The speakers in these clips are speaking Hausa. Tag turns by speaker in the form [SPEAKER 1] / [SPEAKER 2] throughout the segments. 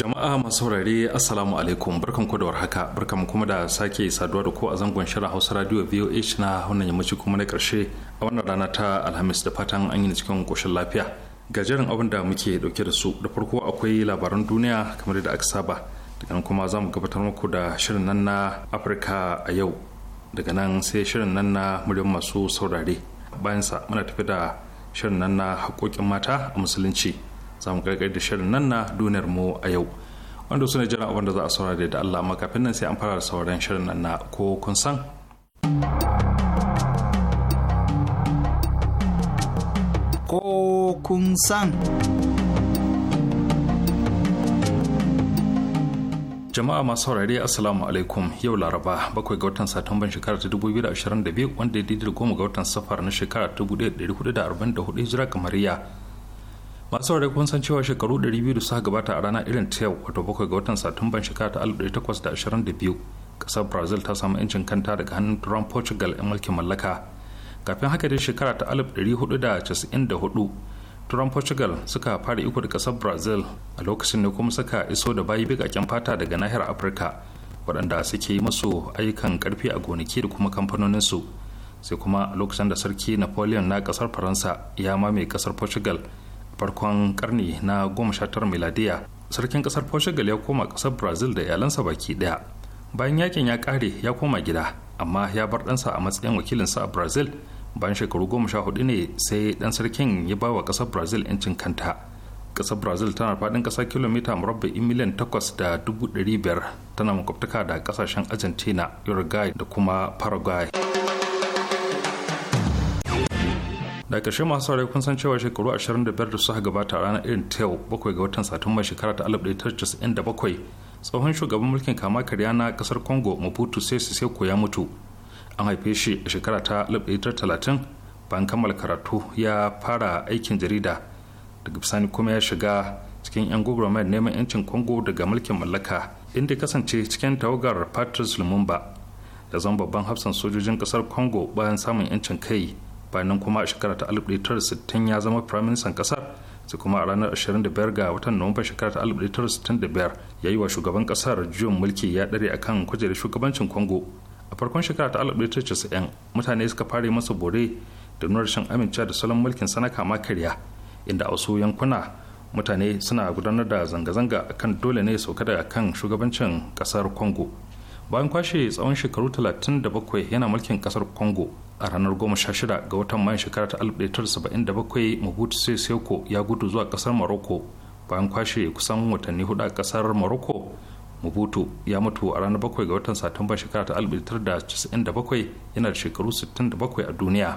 [SPEAKER 1] Jama'a masu saurare Assalamu alaikum barkan ku da warhaka barkan kuma da sake saduwa da ku a zangon shirin Hausa Radio VOH na wannan yammaci kuma na karshe a wannan rana ta Alhamis da fatan an yi cikin koshin lafiya. Gajeren abin da muke dauke da su da farko akwai labaran duniya kamar da aka saba daga nan kuma za gabatar muku da shirin nan na Afirka a yau daga nan sai shirin nan na muryar masu saurare bayan sa muna tafi da shirin nan na haƙoƙin mata a musulunci za mu karkar da shirin nan na duniyar mu a yau wanda su ne jiran abin da za a saurare da Allah amma kafin nan sai an fara sauran shirin nan na ko kun san
[SPEAKER 2] ko kun san
[SPEAKER 1] jama'a masu saurari assalamu alaikum yau laraba bakwai ga watan satumban shekara ta 2022 wanda ya daidai da goma ga watan safar na shekara ta 1444 hijira kamariya masu wadda kun san cewa shekaru 200 da suka gabata a rana irin ta yau wato bakwai ga watan satumban shekara ta 1822 kasar brazil ta samu yancin kanta daga hannun turan portugal 'yan mulkin mallaka kafin haka dai shekara ta 1494 turan portugal suka fara iko da kasar brazil a lokacin ne kuma suka iso da bayi bikaken fata daga nahiyar afirka waɗanda suke yi masu ayyukan karfi a gonaki da kuma kamfanoninsu sai kuma lokacin da sarki napoleon na kasar faransa ya mamaye kasar portugal farkon karni na 19 miladiya sarkin kasar portugal ya koma kasar brazil da iyalansa baki daya bayan yakin ya kare ya koma gida amma ya bar ɗansa a matsayin wakilinsa a brazil bayan shekaru goma sha hudu ne sai ɗan sarkin ya ba wa ƙasar brazil 'yancin kanta kasar brazil tana faɗin ƙasa kilomita murabba'in miliyan takwas da dubu ɗari biyar tana makwabtaka da ƙasashen argentina uruguay da kuma paraguay da ƙarshe masu saurari kun san cewa shekaru 25 da suka gabata a ranar irin ta yau bakwai ga watan satumba shekara ta bakwai tsohon shugaban mulkin kama karya na kasar congo maputo sai su seko ya mutu an haife shi a shekara ta 1930 bayan kammala karatu ya fara aikin jarida daga bisani kuma ya shiga cikin 'yan gwagwarmayar neman 'yancin congo daga mulkin mallaka inda kasance cikin tawagar patrice lumumba da zan babban hafsan sojojin kasar congo bayan samun 'yancin kai bayan kuma a shekara ta 1960 ya zama firaministan kasar sai kuma a ranar 25 ga watan nuwamban shekara ta 1965 ya yi wa shugaban kasar juyin mulki ya dare akan kujerar shugabancin kongo a farkon shekara ta 1990 mutane suka fara yi masa bore da nuna rashin amincewa da salon mulkin sanaka ma karya inda a wasu yankuna mutane suna gudanar da zanga-zanga akan dole ne sauka daga kan shugabancin kasar kongo. bayan kwashe tsawon shekaru 37 yana mulkin kasar congo a ranar 16 ga watan mayan shekara ta 1977 mabutu sai seko ya gudu zuwa kasar morocco bayan kwashe kusan watanni hudu a kasar morocco mabutu ya mutu a ranar 7 ga watan satumba shekara ta 1997 yana da shekaru 67 a duniya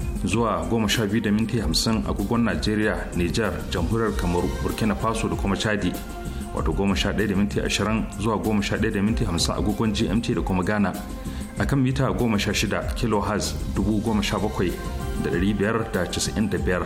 [SPEAKER 1] zuwa 12 da minti 50 agogon najeriya niger jamhuriyar kamaru burkina faso da kuma chadi wato 11 da minti 20 zuwa 11 da minti 50 agogon gmt da kuma ghana a kan mita 16 kilohertz 17,595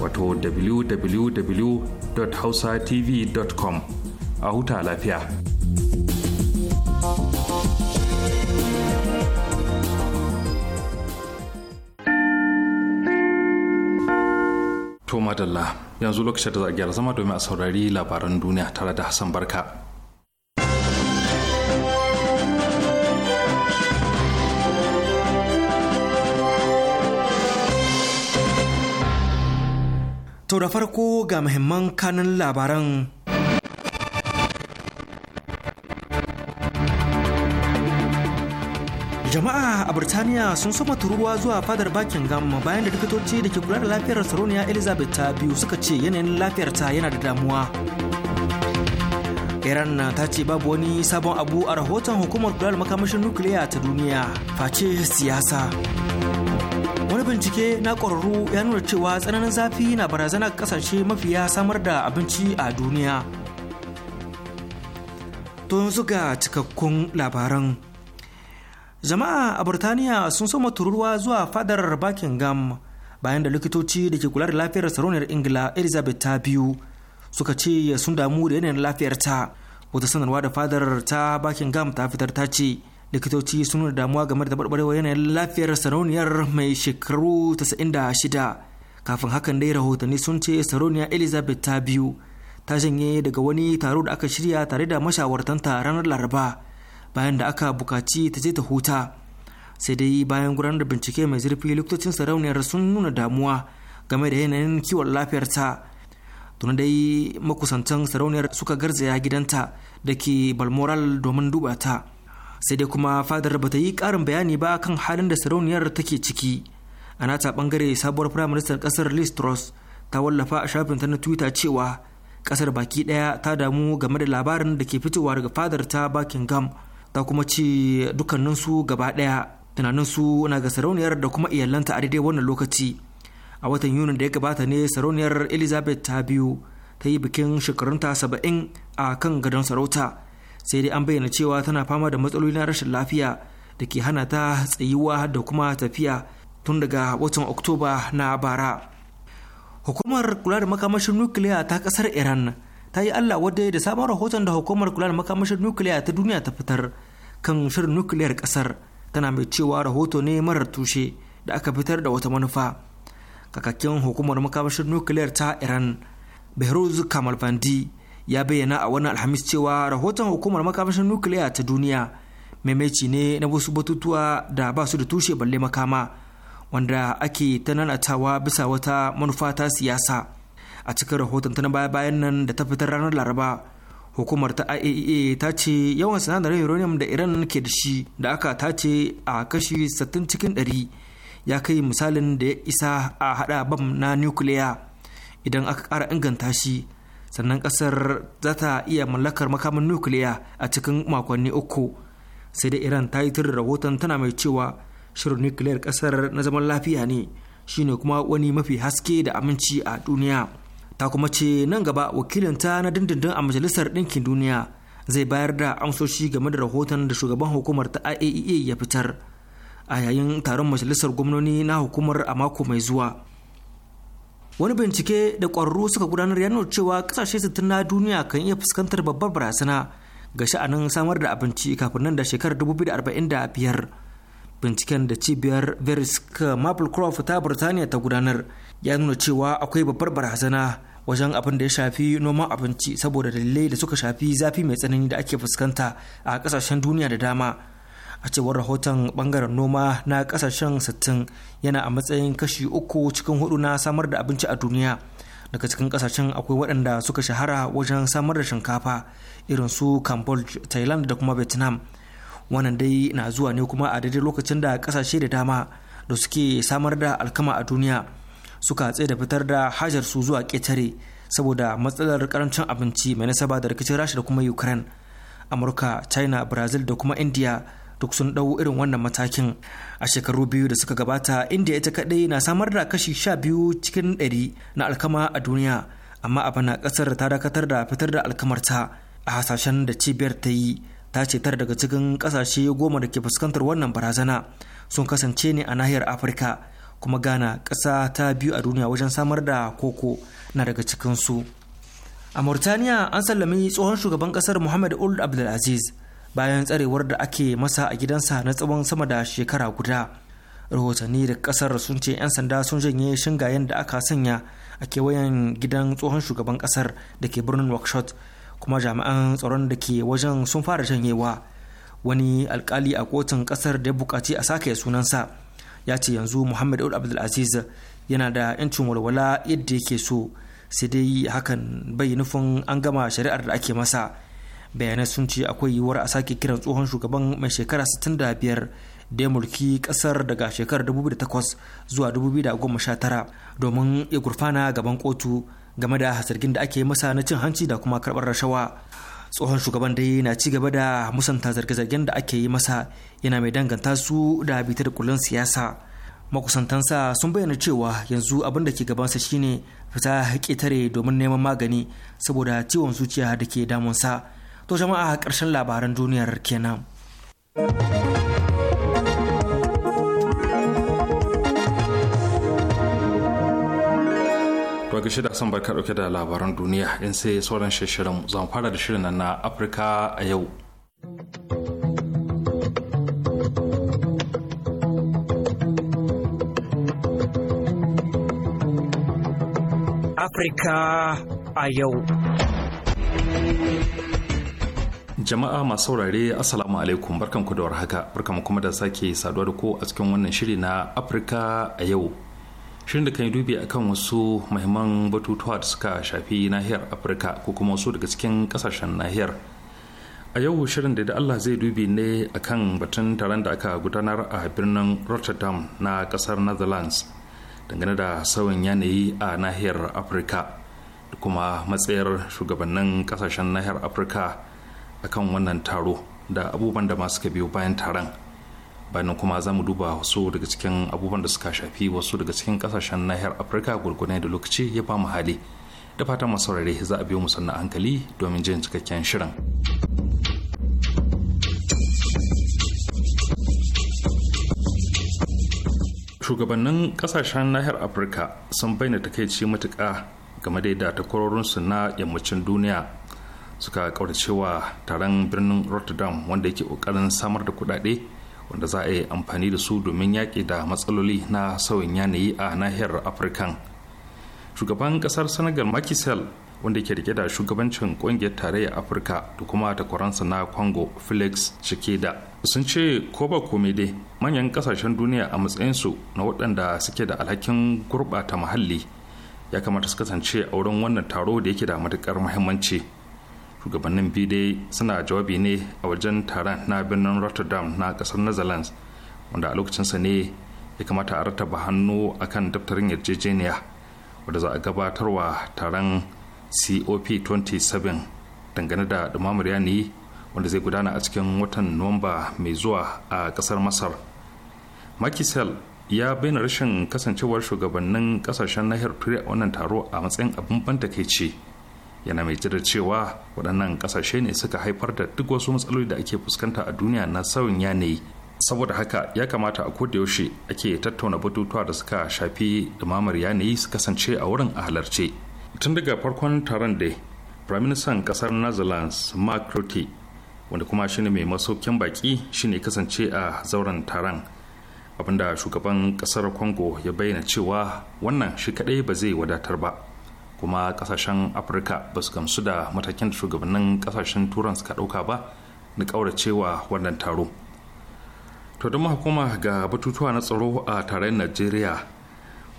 [SPEAKER 1] wato www.hausatv.com a huta lafiya. To madalla yanzu lokacin da za a gyara zama domin a saurari labaran duniya tare da Hassan Barka.
[SPEAKER 3] To da farko ga muhimman kanun labaran. Jama'a a Birtaniya sun soma tururuwa zuwa fadar Bakin Buckingham bayan da likitoci da ke kula da lafiyar sarauniya Elizabeth ta biyu suka ce yanayin lafiyarta yana da damuwa. Iran ta ce babu wani sabon abu a rahoton hukumar kula da makamashin nukiliya ta duniya face siyasa. wani bincike na ƙwararru ya nuna cewa tsananin zafi na barazana ƙasashe mafiya samar da abinci a duniya to yanzu ga cikakkun labaran jama'a a burtaniya sun soma tururuwa zuwa fadar buckingham bayan da likitoci da ke kula da lafiyar sarauniyar ingila elizabeth ta biyu suka ce sun damu da yanayin lafiyarta wata sanarwa da fadar ta buckingham ta fitar ta ce likitoci sun nuna damuwa game da barbarewar yanayin lafiyar sarauniyar mai shekaru 96 kafin hakan dai rahotanni sun ce sarauniya elizabeth ta biyu ta janye daga wani taro da aka shirya tare da mashawartanta ranar laraba bayan da aka bukaci ta je ta huta sai dai bayan gudanar da bincike mai zurfi likitocin sarauniyar sun nuna damuwa game da yanayin kiwon lafiyarta tun dai makusantan sarauniyar suka garzaya gidanta da ke balmoral domin duba ta sai dai kuma fadar bata yi karin bayani ba kan halin da sarauniyar take ciki a nata bangare sabuwar firaministan kasar liz truss ta wallafa a shafin ta na twitter cewa kasar baki daya ta damu game da labarin da ke fitowa daga fadar ta buckingham ta kuma ce dukkaninsu gaba daya su na ga sarauniyar da kuma iyalanta a daidai wannan lokaci a watan yunin da ya gabata ne sarauniyar elizabeth ta biyu ta yi bikin shekarunta saba'in a kan gadon sarauta sai dai an bayyana cewa tana fama da matsaloli na rashin lafiya da ke hana ta tsayuwa da kuma tafiya tun daga watan oktoba na bara hukumar kula da makamashin nukiliya ta kasar iran ta yi allah wadda da sabon rahoton da hukumar kula da makamashin nukiliya ta duniya ta fitar kan shirin nukiliyar kasar tana mai cewa rahoto ne marar tushe da aka fitar da wata manufa kakakin hukumar makamashin nukiliyar ta iran behruz kamalbandi ya bayyana a wannan alhamis cewa rahoton hukumar makamashin nukiliya ta duniya maimaici ne na wasu batutuwa da ba su da tushe balle makama wanda ake ta nanatawa bisa wata manufa ta siyasa a cikin rahoton ta na baya-bayan nan da ta fitar ranar laraba hukumar ta iaea e ta ce yawan sinadarin uranium da iran ke da shi da aka tace a kashi 60 cikin 100 ya kai misalin da ya isa a hada bam na nukiliya idan aka kara inganta shi sannan kasar za ta iya mallakar makamin nukiliya a cikin makonni uku sai da iran ta yi tirin rahoton tana mai cewa shirin nukiliyar kasar na zaman lafiya ne shine kuma wani mafi haske da aminci a duniya ta kuma ce nan gaba wakilinta na dindindin a majalisar ɗinkin duniya zai bayar da amsoshi game da rahoton da shugaban hukumar ta iaea e ya fitar a yayin taron majalisar gwamnoni na hukumar a mako mai zuwa wani bincike da ƙwararru suka gudanar ya nuna cewa ƙasashe sittin na duniya kan iya fuskantar babbar barazana ga sha'anin samar da abinci kafin nan da shekarar 2045 binciken da cibiyar verisk maplecroft ta birtaniya ta gudanar ya nuna cewa akwai babbar barazana wajen abin da ya shafi noman abinci saboda dalilai da suka shafi zafi mai tsanani da ake fuskanta a kasashen duniya da dama a cewar rahoton bangaren noma na kasashen 60 yana a matsayin kashi uku cikin hudu na samar da abinci a duniya daga cikin kasashen akwai waɗanda suka shahara wajen samar da shinkafa irin su cambodia thailand da kuma vietnam wannan dai na zuwa ne kuma a daidai lokacin da kasashe da dama da suke samar da alkama a duniya suka tsaye da fitar da hajar su zuwa ƙetare saboda matsalar karancin abinci mai nasaba da rikicin rasha da kuma ukraine amurka china brazil da kuma india duk sun ɗau irin wannan matakin a shekaru biyu da suka gabata india ita kaɗai na samar da kashi sha biyu cikin ɗari na alkama a duniya amma a bana ƙasar ta dakatar da fitar da alkamarta a hasashen da cibiyar ta yi ta ce daga cikin kasashe goma da ke fuskantar wannan barazana sun kasance ne a nahiyar afirka kuma ghana ƙasa ta biyu a duniya wajen samar da koko na daga cikinsu a murtaniya an sallami tsohon shugaban ƙasar muhammad old abdulaziz bayan tsarewar da ake masa a gidansa na tsawon sama da shekara guda rahotanni da kasar sun ce 'yan sanda sun janye shingayen da aka sanya a kewayen gidan tsohon shugaban kasar da ke birnin workshop kuma jami'an tsaron da ke wajen sun fara janyewa wani alkali a kotun kasar da ya bukaci a sake sunansa ya ce yanzu muhammad abdulaziz yana da 'yancin walwala yadda yake so sai dai hakan bai nufin an gama shari'ar da ake masa bayanai sun ce akwai yiwuwar a sake kiran tsohon shugaban mai shekara 65 da ya mulki kasar daga shekarar 2008 zuwa 2019 domin ya gurfana gaban kotu game da zargin da ake masa na cin hanci da kuma karbar rashawa tsohon shugaban dai na ci gaba da musanta zarge-zargen da ake yi masa yana mai danganta su da bitar kullun siyasa makusantansa sun bayyana cewa yanzu abin da ke gabansa shine fita tare domin neman magani saboda ciwon zuciya da ke damunsa to jama'a a ƙarshen labaran duniyar kenan.
[SPEAKER 1] Daga shida son barka dauke da labaran duniya in sai sauran shirin zan fara da shirin na Afirka a yau.
[SPEAKER 3] Afirka a yau.
[SPEAKER 1] Jama'a masu saurare Assalamu alaikum barkanku da warhaka barkanku kuma da sake saduwa da ku a cikin wannan shiri na Afirka a yau. Shirin da kan yi dubi akan wasu mahimman batutuwa da suka shafi nahiyar Afirka ko kuma wasu daga cikin kasashen nahiyar. A yau shirin da Allah zai dubi ne akan batun taron da aka gudanar a birnin Rotterdam na kasar Netherlands dangane da sauyin yanayi a nahiyar Afirka da kuma matsayar shugabannin kasashen nahiyar Afirka. akan wannan taro da abubuwan da masu biyo bayan taron bayan kuma za mu duba wasu daga cikin abubuwan da suka shafi wasu daga cikin kasashen nahiyar afirka gurgunai da lokaci ya ba mu hali da fatan masu za a biyo mu sannan hankali domin jin cikakken shirin. shugabannin kasashen nahiyar afirka sun bayyana takaici matuƙa game da takwarorinsu na yammacin duniya suka cewa taron birnin rotterdam wanda yake kokarin samar da kudade wanda za a yi amfani da su domin yaƙi da matsaloli na sauyin yanayi a nahiyar afirkan shugaban kasar senegal Macky wanda ke rike da shugabancin kungiyar tarayyar afirka da kuma takwaransa na congo felix shikeda sun ce ko ba kome dai manyan kasashen duniya a matsayinsu na waɗanda suke da alhakin gurɓata muhalli ya kamata su kasance a wurin wannan taro da yake da matuƙar muhimmanci shugabannin biyu dai suna jawabi ne a wajen taron na birnin rotterdam na kasar netherlands wanda a lokacinsa ne ya kamata a rataba hannu akan daftarin yarjejeniya wadda za a gabatarwa taron cop 27 dangane da dumamar yanayi wanda zai gudana a cikin watan nuwamba mai zuwa a kasar masar makisal ya bayyana rashin kasancewar shugabannin kasashen nahiyar turai a wannan taro a matsayin abin ban takaici yana mai jira cewa waɗannan ƙasashe ne suka haifar da duk wasu matsaloli da ake fuskanta a duniya na sauyin yanayi saboda haka ya kamata a yaushe ake tattauna batutuwa da suka shafi ɗumamar yanayi su kasance a wurin a halarce tun daga farkon taron da firaministan ƙasar netherlands mark rutte wanda kuma shine mai masaukin baki shine kasance a zauren taron abinda shugaban ƙasar congo ya bayyana cewa wannan shi kaɗai ba zai wadatar ba kuma kasashen afirka ba su gamsu da matakin da shugabannin kasashen turan suka dauka ba na kauracewa wannan taro to don hukuma ga batutuwa na tsaro a tarayyar najeriya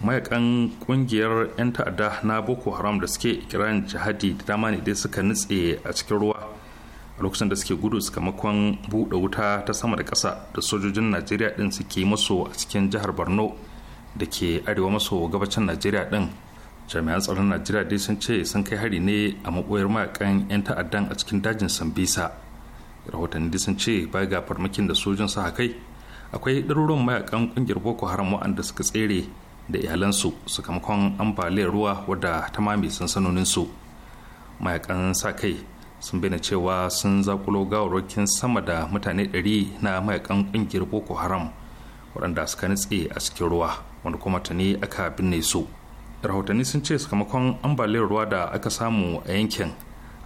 [SPEAKER 1] mayakan kungiyar 'yan ta'adda na boko haram da suke kiran jihadi da dama ne dai suka nutse a cikin ruwa a lokacin da suke gudu sakamakon buɗe wuta ta sama da ƙasa da sojojin najeriya ɗin suke maso a cikin jihar borno da ke arewa maso gabacin najeriya ɗin jami'an tsaron najeriya dai sun ce sun kai hari ne a maboyar mayakan 'yan ta'addan a cikin dajin sambisa rahotanni sun ce bai ga farmakin da sojin sa kai akwai ɗaruruwan mayakan ƙungiyar boko haram waɗanda suka tsere da iyalansu sakamakon ambaliyar ruwa wadda ta mame su mayakan sa kai sun bayyana cewa sun zakulo gawarwakin sama da mutane 100 na mayakan ƙungiyar boko haram waɗanda suka nutse a cikin ruwa wanda kuma ta ne aka binne su rahotanni sun ce sakamakon ambaliyar ruwa da aka samu a yankin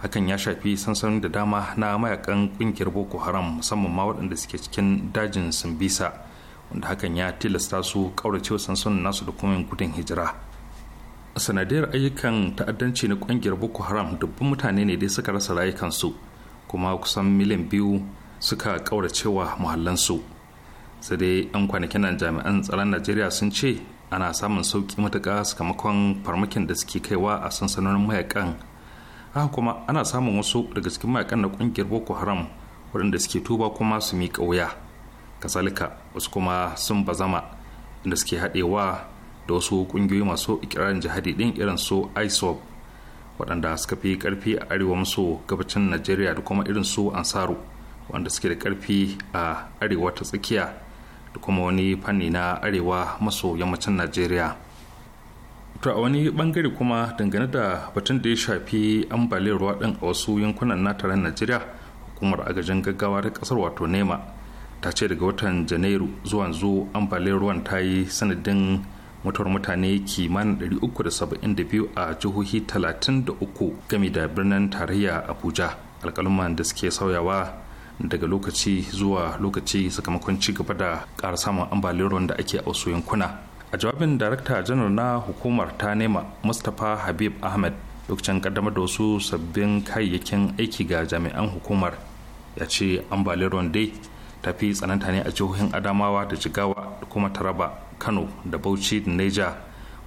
[SPEAKER 1] hakan ya shafi sansanin da dama na mayakan kungiyar boko haram musamman ma waɗanda suke cikin dajin simbisa wanda hakan ya tilasta su ƙauracewa sansanin nasu da kuma gudun hijira sanadiyar ayyukan ta'addanci na kungiyar boko haram dubban mutane ne dai suka rasa rayukansu kuma kusan miliyan biyu suka ƙauracewa muhallansu sai dai 'yan kwanakin nan jami'an tsaron najeriya sun ce ana samun sauƙi matuƙa sakamakon farmakin da suke kaiwa a sansanonin mayakan haka kuma ana samun wasu daga cikin mayakan na ƙungiyar boko haram waɗanda suke tuba kuma su miƙa wuya kasalika wasu kuma sun bazama inda suke haɗewa da wasu ƙungiyoyi masu ikirarin jihadi ɗin irin su isop waɗanda suka fi ƙarfi a arewa maso gabacin najeriya da kuma irin su ansaru waɗanda suke da ƙarfi a arewa ta tsakiya da kuma wani fanni na arewa maso yammacin najeriya to a wani bangare kuma dangane da batun da ya shafi ambaliyar ruwa din a wasu yankunan na taron najeriya hukumar agajin gaggawa ta kasar wato nema ta ce daga watan janairu zuwa zu ambaliyar ruwan ta yi sanadin mutuwar mutane kimanin 372 a jihohi 33 gami da birnin tarayya abuja alkaluman da suke sauyawa daga lokaci zuwa lokaci sakamakon ci gaba da ƙara samun ambaliyar ruwan da ake a wasu yankuna a jawabin darakta janar na hukumar ta nema mustapha habib ahmed lokacin kaddamar da wasu sabbin kayayyakin aiki ga jami'an hukumar ya ce ambaliyar ruwan dai ta fi tsananta ne a jihohin adamawa da jigawa da kuma taraba kano da bauchi da niger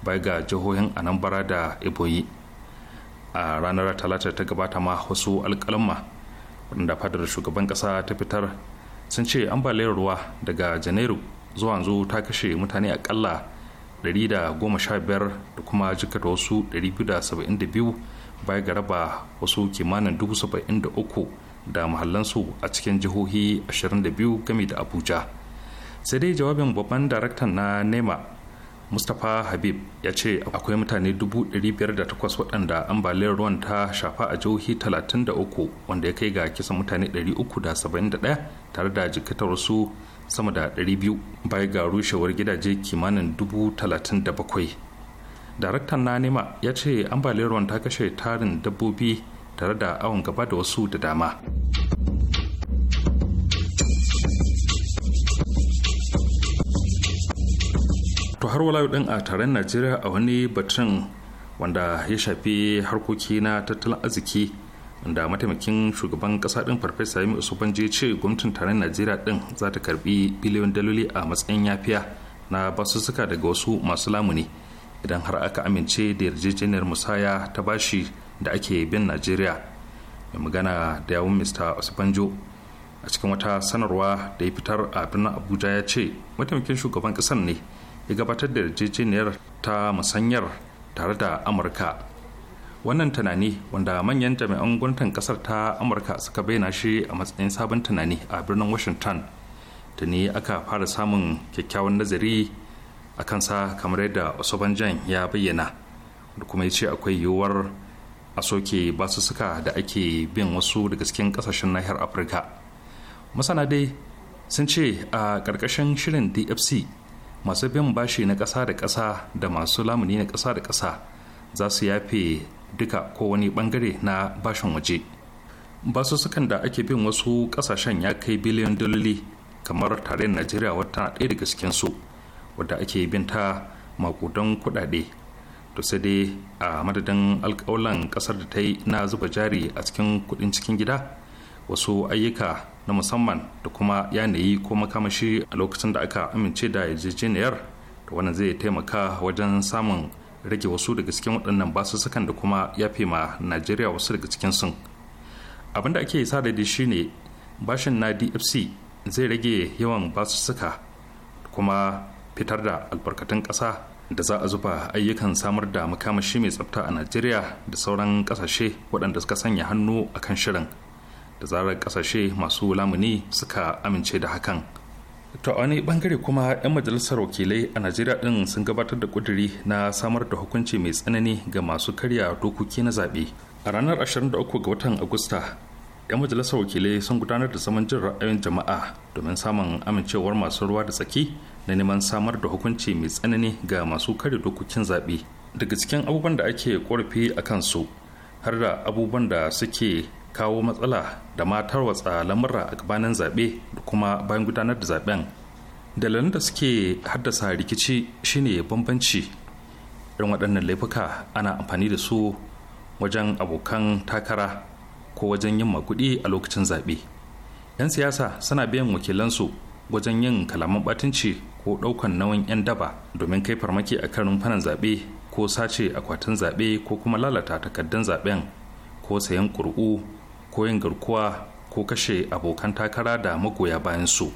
[SPEAKER 1] bai ga jihohin anambra da iboyi a ranar talata ta gabata ma wasu alkalamma da fadar shugaban kasa ta fitar sun ce ambaliyar ruwa daga janairu zuwa yanzu ta kashe mutane akalla 115 da kuma jikata wasu 272 bayan ga raba wasu kimanin 73 da mahallansu a cikin jihohi 22 game da abuja sai dai jawabin babban daraktan na nema mustapha habib ya ce akwai mutane 508 waɗanda ambaliyar ruwan ta shafa a jihohi 33 wanda ya kai ga kisan mutane 371 tare da su sama da 200 baya ga rushewar gidaje kimanin 37,000 daraktan na nema ya ce ambaliyar ruwan ta kashe tarin dabbobi tare da awon gaba da wasu da dama. har wala din a taron najeriya a wani batun wanda ya shafi harkoki na tattalin arziki da mataimakin shugaban kasa din farfesa yami ya ce gwamnatin taron najeriya din za ta karbi biliyon daloli a matsayin yafiya na basussuka daga wasu masu lamuni idan har aka amince da yarjejeniyar musaya ta bashi da ake bin najeriya mai magana da yawun mr usubanjo a cikin wata sanarwa da ya fitar a birnin abuja ya ce mataimakin shugaban kasar ne ya gabatar da yarjejeniyar ta musanyar tare da amurka wannan tunani wanda manyan jami'an gwamnatin kasar ta amurka suka bayyana shi a matsayin sabon tunani a birnin washington tuni aka fara samun kyakkyawan nazari a kansa kamar yadda osobanjan ya bayyana da kuma ya ce akwai yiwuwar a soke basussuka da ake bin wasu daga cikin kasashen nahiyar afirka masana dai sun ce a ƙarƙashin shirin dfc masu bin bashi na ƙasa da ƙasa da masu lamuni na ƙasa da ƙasa za su yafe duka ko wani bangare na bashin waje basussukan da ake bin wasu ƙasashen ya kai biliyan dololi kamar tarayyar najeriya wata ɗaya daga cikinsu wadda ake bin ta makudan kuɗaɗe to sai dai a madadin alƙawalan ƙasar da ta yi na zuba jari a cikin kuɗin cikin gida wasu ayyuka na musamman da kuma yanayi ko makamashi a lokacin da aka amince da yarjejeniyar da wannan zai taimaka wajen samun rage wasu daga cikin waɗannan basussukan da kuma yafe ma najeriya wasu daga cikin sun abin da ake sa da shi shine bashin na dfc zai rage yawan basussuka kuma fitar da albarkatun ƙasa da za a zuba ayyukan samar da makamashi mai tsafta a najeriya da sauran ƙasashe waɗanda suka sanya hannu a kan shirin da zarar kasashe masu lamuni suka amince da hakan to wani bangare kuma 'yan majalisar wakilai a najeriya din sun gabatar da kuduri na samar da hukunci mai tsanani ga masu karya dokoki na zaɓe a ranar 23 ga watan agusta 'yan majalisar wakilai sun gudanar da zaman jin ra'ayin jama'a domin samun amincewar masu ruwa da tsaki na neman samar da hukunci mai tsanani ga masu karya dokokin zaɓe daga cikin abubuwan da ake korafi a kansu har da abubuwan da suke kawo matsala da matar watsa lamura a gabanin zaɓe da kuma bayan gudanar da zaɓen dalilan da suke haddasa rikici shine bambanci irin waɗannan laifuka ana amfani da su wajen abokan takara ko wajen yin makudi a lokacin zaɓe 'yan siyasa suna biyan wakilansu wajen yin kalaman ɓatanci ko ɗaukan nauyin 'yan daba domin kai farmaki a kan rumfanan zaɓe ko sace akwatin zaɓe ko kuma lalata takardun zaɓen ko sayan ƙuri'u ko garkuwa ko kashe abokan takara da magoya bayan su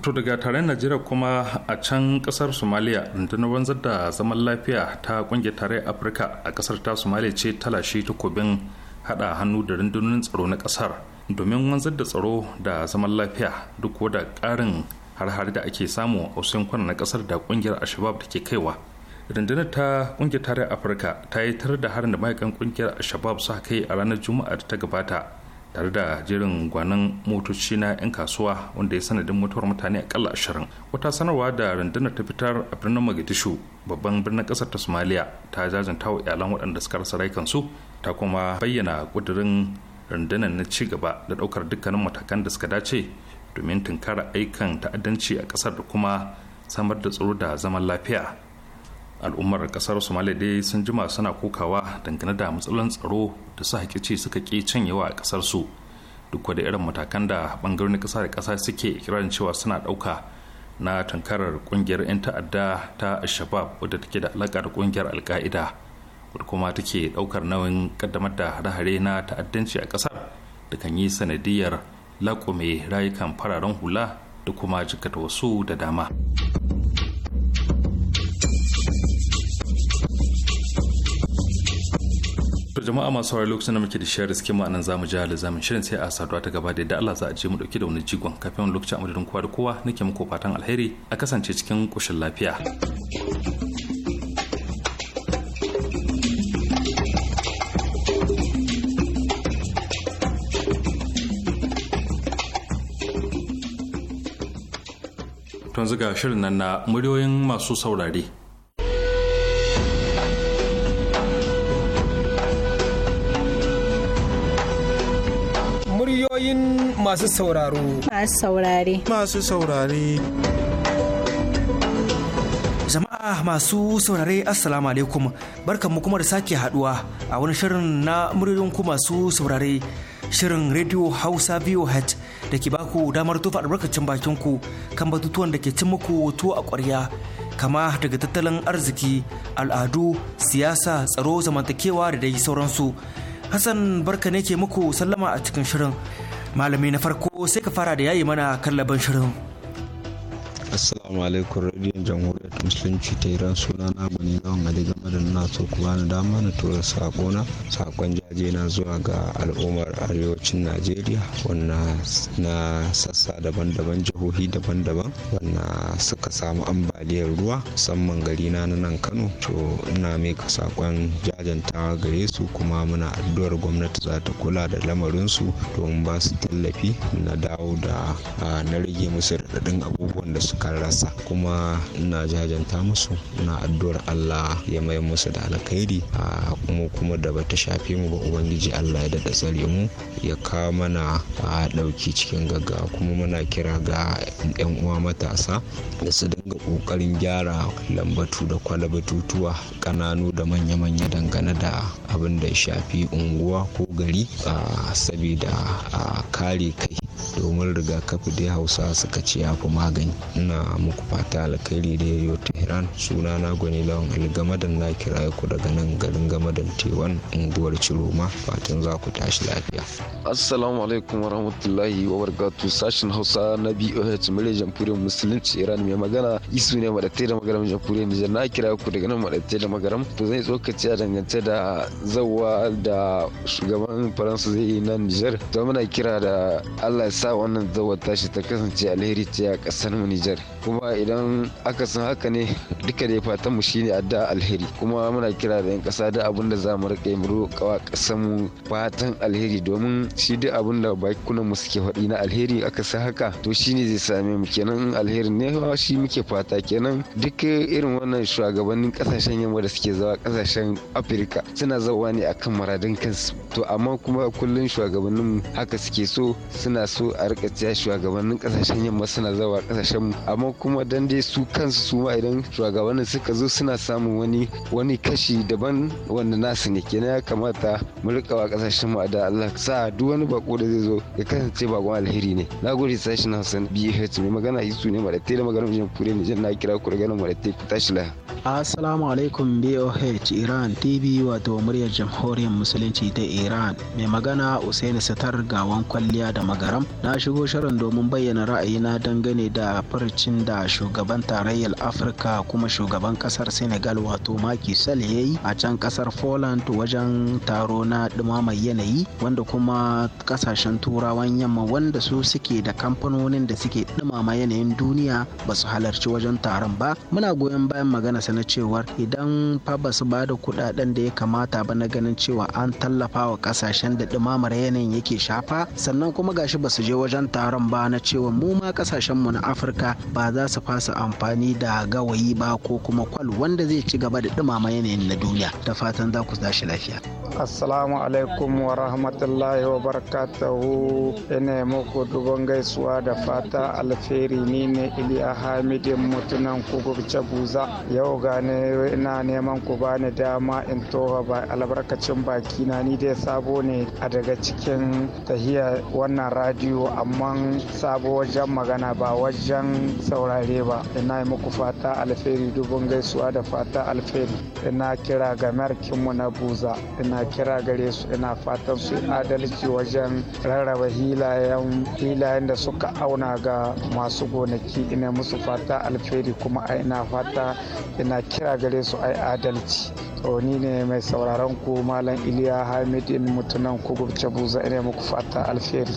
[SPEAKER 1] to daga taron najeriya kuma a can kasar somaliya rundunar wanzar da zaman lafiya ta kungiyar tarayyar afirka a kasar ta somaliya ce talashe takobin hada hannu da rundunonin tsaro na kasar domin wanzar da tsaro da zaman lafiya duk da karin har hari da ake samu a wasu yankunan na kasar da kungiyar ashabab da ke kaiwa rundunar ta kungiyar tarayyar afirka ta yi tare da harin da mayakan kungiyar shabab sa kai a ranar juma'a ta gabata tare da jerin gwanan motoci na 'yan kasuwa wanda ya sanadin mutuwar mutane akalla ashirin wata sanarwa da rundunar ta fitar a birnin magadishu babban birnin kasar ta somaliya ta jajanta wa iyalan waɗanda suka rasa raikansu ta kuma bayyana ƙudurin rundunar na ci gaba da ɗaukar dukkanin matakan da suka dace domin tunkara aikan ta'addanci a ƙasar da kuma samar da tsaro da zaman lafiya al'ummar kasar somalia dai sun jima suna kokawa dangane da matsalolin tsaro da su haƙi suka ƙi canyewa a kasar su duk da irin matakan da bangarorin ƙasa da ƙasa suke kiran cewa suna ɗauka na tankarar ƙungiyar 'yan ta'adda ta shabab wadda take da alaƙa da ƙungiyar alka'ida wadda kuma take ɗaukar nauyin ƙaddamar da hare-hare na ta'addanci a ƙasar da kan yi sanadiyar laƙume rayukan fararen hula da kuma jikata wasu da dama. jama'a masu saurari lokacin da muke da shirin ma nan zamu ji da zamin shirin sai a saduwa ta gaba da yadda Allah za a je mu dauke da wani jigon kafin wani lokacin amadadin kowa da kowa nake muku fatan alheri a kasance cikin koshin lafiya. Tun ziga shirin nan na muryoyin masu saurare.
[SPEAKER 2] masu sauraro.
[SPEAKER 4] Masu saurare.
[SPEAKER 3] Masu saurare. Jama'a masu saurare Assalamu alaikum barkanmu kuma da sake haduwa a wani shirin na muryoyin ku masu saurare shirin Radio Hausa VOH da ke baku damar tufa albarkacin bakin ku kan batutuwan da ke cin muku tuwo a ƙwarya kama daga tattalin arziki al'adu siyasa tsaro zamantakewa da dai sauransu. Hassan barka ne ke muku sallama a cikin shirin malami na farko sai ka fara da yayi mana kallaban shirin
[SPEAKER 2] Assalamu alaikum radiyon jamhuriyar musulunci ta Iran suna na gwani Ali game da na so kuma na dama na tura sakona sakon jaje na zuwa ga al'ummar arewacin Najeriya wanda na sassa daban-daban jihohi daban-daban wanda suka samu ambaliyar ruwa musamman gari na nan Kano to ina mika sakon jajantawa gare su kuma muna addu'ar gwamnati za ta kula da lamarin su domin ba su tallafi na dawo da na rage musu raɗaɗin abubuwan da suka akan rasa kuma ina jajanta musu ina addu'ar Allah ya mai musu da alkhairi a mu kuma da bata shafe mu ba ubangiji Allah ya dada tsare mu ya kawo mana a dauki cikin gaggawa kuma muna kira ga yan uwa matasa da su dinga kokarin gyara lambatu da kwalabatutuwa kananu da manya-manya dangane da abin da ya shafi unguwa ko gari saboda a kare kai domin rigakafi dai hausa suka ce ya fi magani ina muku fata alkhairi da yayo tehran suna na gwani lawan algamadan na kira ku daga nan garin gamadan tewan unguwar ciroma fatan za ku tashi lafiya
[SPEAKER 5] assalamu alaikum wa rahmatullahi wa barakatu sashin hausa na boh murya jamhuriyar musulunci iran mai magana isu ne madatai da magaram jamhuriyar nijar na kira ku daga nan madatai da magaram to zai tsokaci a dangance da zawa da shugaban faransa zai yi nan nijar to muna kira da allah Allah ya sa wannan zawar tashi ta kasance alheri ce a kasar mu Nijar kuma idan aka san haka ne duka ya fata mu shine adda alheri kuma muna kira da yan kasa da abin da zamu rike mu roƙawa kasar mu fatan alheri domin shi duk abin da bakunan mu suke faɗi na alheri aka san haka to shine zai same mu kenan alheri ne shi muke fata kenan duk irin wannan shugabannin kasashen yamma da suke zawa kasashen Afirka suna zawa ne akan maradin kansu to amma kuma kullun shugabannin haka suke so suna so a rika cewa shugabannin kasashen yamma suna zawa kasashen amma kuma dan dai su kansu su ma idan shugabannin suka zo suna samun wani wani kashi daban wanda nasu ne kenan ya kamata mu rika wa kasashen mu da Allah sa duk wani bako da zai zo ya kasance bakon alheri ne nagode sashen Hassan BH mai magana Isu ne mara tele magana kure ne jin na kira ku daga mara tele ku tashi la
[SPEAKER 4] Assalamu alaikum BOH Iran TV wato muryar jamhuriyar musulunci ta Iran mai magana Usaini Satar gawan kwalliya da magaram na shigo shirin domin bayyana ra'ayina dangane da farcin da shugaban tarayyar Afirka kuma shugaban kasar Senegal wato Maki, Sale, ya yi a can kasar Poland wajen taro na dumamar yanayi wanda kuma kasashen turawan yamma wanda su suke da kamfanonin da suke dumama yanayin duniya ba su halarci wajen taron ba muna goyon bayan magana sana cewar idan fa ba su bada da kudaden da ya kamata ba na ganin cewa an tallafa wa kasashen da dumamar yanayin yake shafa sannan kuma gashi ba su je wajen taron ba na cewa mu ma mu na afirka ba za su fasa amfani da gawayi ba ko kuma kwal wanda zai ci gaba da dumama yanayin na duniya ta fatan za ku tashi lafiya
[SPEAKER 2] assalamu alaikum wa rahmatullahi wa barakatuhu ina muku dubon gaisuwa da fata alferi ni ne iliya hamidin mutunan kugurce buza yau gane ina neman ku bani dama in toha ba albarkacin baki na ni dai sabo ne a daga cikin tahiya wannan radio rediyo amma sabo wajen magana ba wajen saurare ba ina yi muku fata alferi dubun gaisuwa da fata alferi ina kira ga markinmu na buza ina kira gare su ina fatan su adalci wajen rarraba hilayen da suka auna ga masu gonaki ina musu fata alferi kuma ina fata ina kira gare su ai adalci ni ne mai sauraron ku malam iliya hamidin mutunan kugurce buza ina muku fata alferi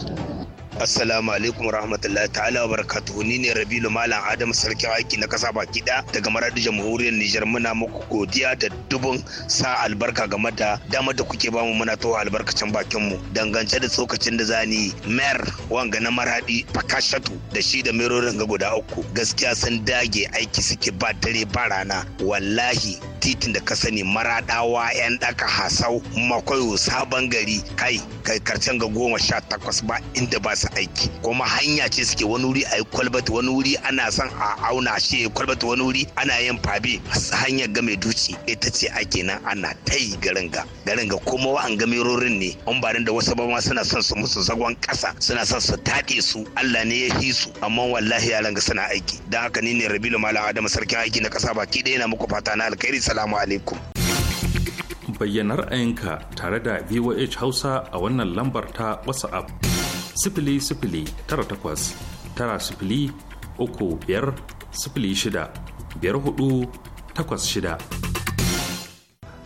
[SPEAKER 6] Assalamu alaikum rahmatullahi ta'ala wa barakatuhu ni ne Rabilu Malam Adam sarkin aiki na kasa baki da daga Maradi Jamhuriyar Nijar muna muku godiya da dubun sa albarka game da damar da kuke bamu muna to albarkacin bakin mu dangance da tsokacin da zani mayor wanga na Maradi Fakashatu da shi da merorin ga guda uku gaskiya sun dage aiki suke ba dare ba rana wallahi titin da ka sani maradawa yan daka hasau makwayo sabon gari kai kai karcen ga goma sha takwas ba inda ba aiki kuma hanya ce suke wani wuri a yi kwalbati wani wuri ana son a auna shi kwalbati wani wuri ana yin fabe hanyar game duci ita ce ake nan ana ta yi garin ga garin ga kuma wa'an gamerorin ne an ba da wasu ba ma suna son su musu zagon kasa suna son su taɗe su Allah ne ya fi su amma wallahi ya langa suna aiki don haka ni ne Rabilu Malam Adamu sarkin aiki na kasa baki ɗaya na muku fata na alkhairi salamu alaikum.
[SPEAKER 1] bayyana ra'ayinka tare da voh hausa a wannan lambar ta whatsapp sifili sifili tara takwas tara sifili uku biyar sifili shida biyar hudu takwas shida.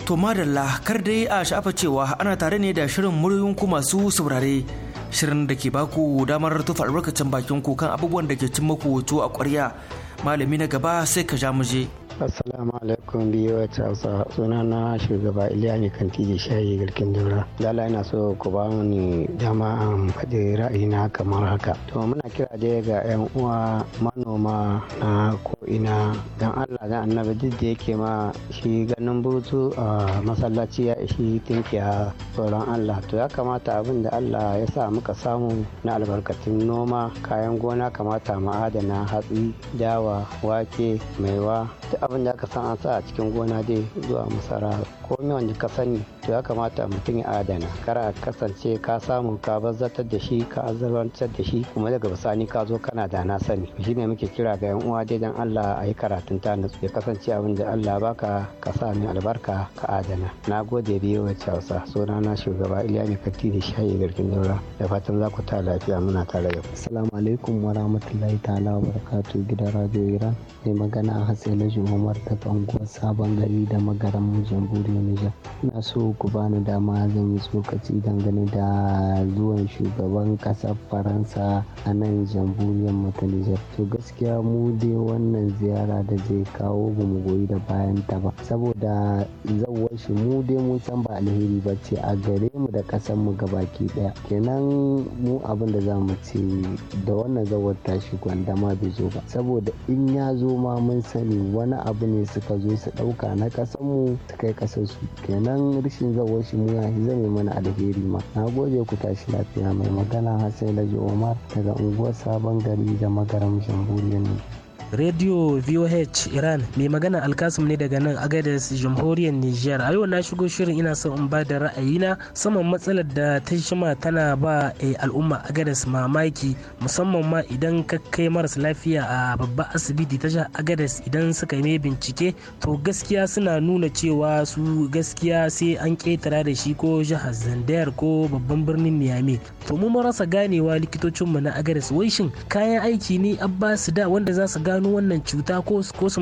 [SPEAKER 3] To madalla kar dai a sha'afa cewa ana tare ne da shirin muryoyin ku masu saurare shirin da ke baku damar tufa albarkacin bakin ku kan abubuwan da ke cin maku wuto a kwarya malami na gaba sai ka ja muje.
[SPEAKER 7] assalamu alaikum biyu wa hausa suna na shugaba iliya ne kan tije shayi garkin daura lala ina so ku ba ni dama an faɗi ra'ayina kamar haka to muna kira dai ga yan uwa manoma na ko'ina don allah da annabi duk da yake ma shi ganin butu a masallaci ya ishi tinkiya tsoron allah to ya kamata abin da allah ya sa muka samu na albarkatun noma kayan gona kamata adana hatsi dawa wake maiwa abin da aka san an sa a cikin gona dai zuwa masara komai wanda ka sani to ya kamata mutum ya adana kara kasance ka samu ka bazzatar da shi ka azzarantar da shi kuma daga bisani ka zo kana da na sani shi ne muke kira ga yan uwa dai dan Allah a yi karatun ta nutsu ya kasance abin da Allah baka ka sa mai albarka ka adana na gode biyo wa Hausa sunana na shugaba Iliya mai katti da shayi garkin daura da fatan za ku ta lafiya muna tare da ku assalamu alaikum wa rahmatullahi ta'ala wa barakatuh gidan radio Iran mai magana a hatsi na Fatima Martaba unguwar Sabon Gari da magaran Jamhuriyar Nijar. Ina so ku bani dama zan yi tsokaci dangane da zuwan shugaban ƙasar Faransa a nan Jamhuriyar mata Nijar. To gaskiya mu dai wannan ziyara da zai kawo ba mu goyi da bayan ta ba. Saboda zauwar shi mu dai mun san ba alheri ba ce a gare mu da ƙasar mu gabaki ɗaya. Kenan mu abin da za mu ce da wannan zawar tashi gwandama bai zo ba. Saboda in ya zo ma mun sani wani abu ne suka zo su ɗauka na mu su kai ƙasarsu kenan rashin zawar shi mu ya zame mana alheri ma na gode ku tashi lafiya mai magana hassan laji omar daga unguwar sabon gari da magaram ne.
[SPEAKER 4] Radio VOH Iran mai magana Alkasim ne daga nan agadas Jamhuriyar Nijar. A yau na shigo shirin ina son in ba da ra'ayina saman matsalar da ta shima tana ba a eh, al'umma agadas mamaki musamman ma idan ka kai maras lafiya a babban asibiti ta jihar agadas idan suka yi bincike to gaskiya suna nuna cewa su gaskiya sai an ketara da shi ko jihar Zandayar ko babban birnin Niamey. To mu marasa ganewa likitocinmu na agadas wai shin kayan aiki ne su da wanda za su gano gano wannan cuta ko su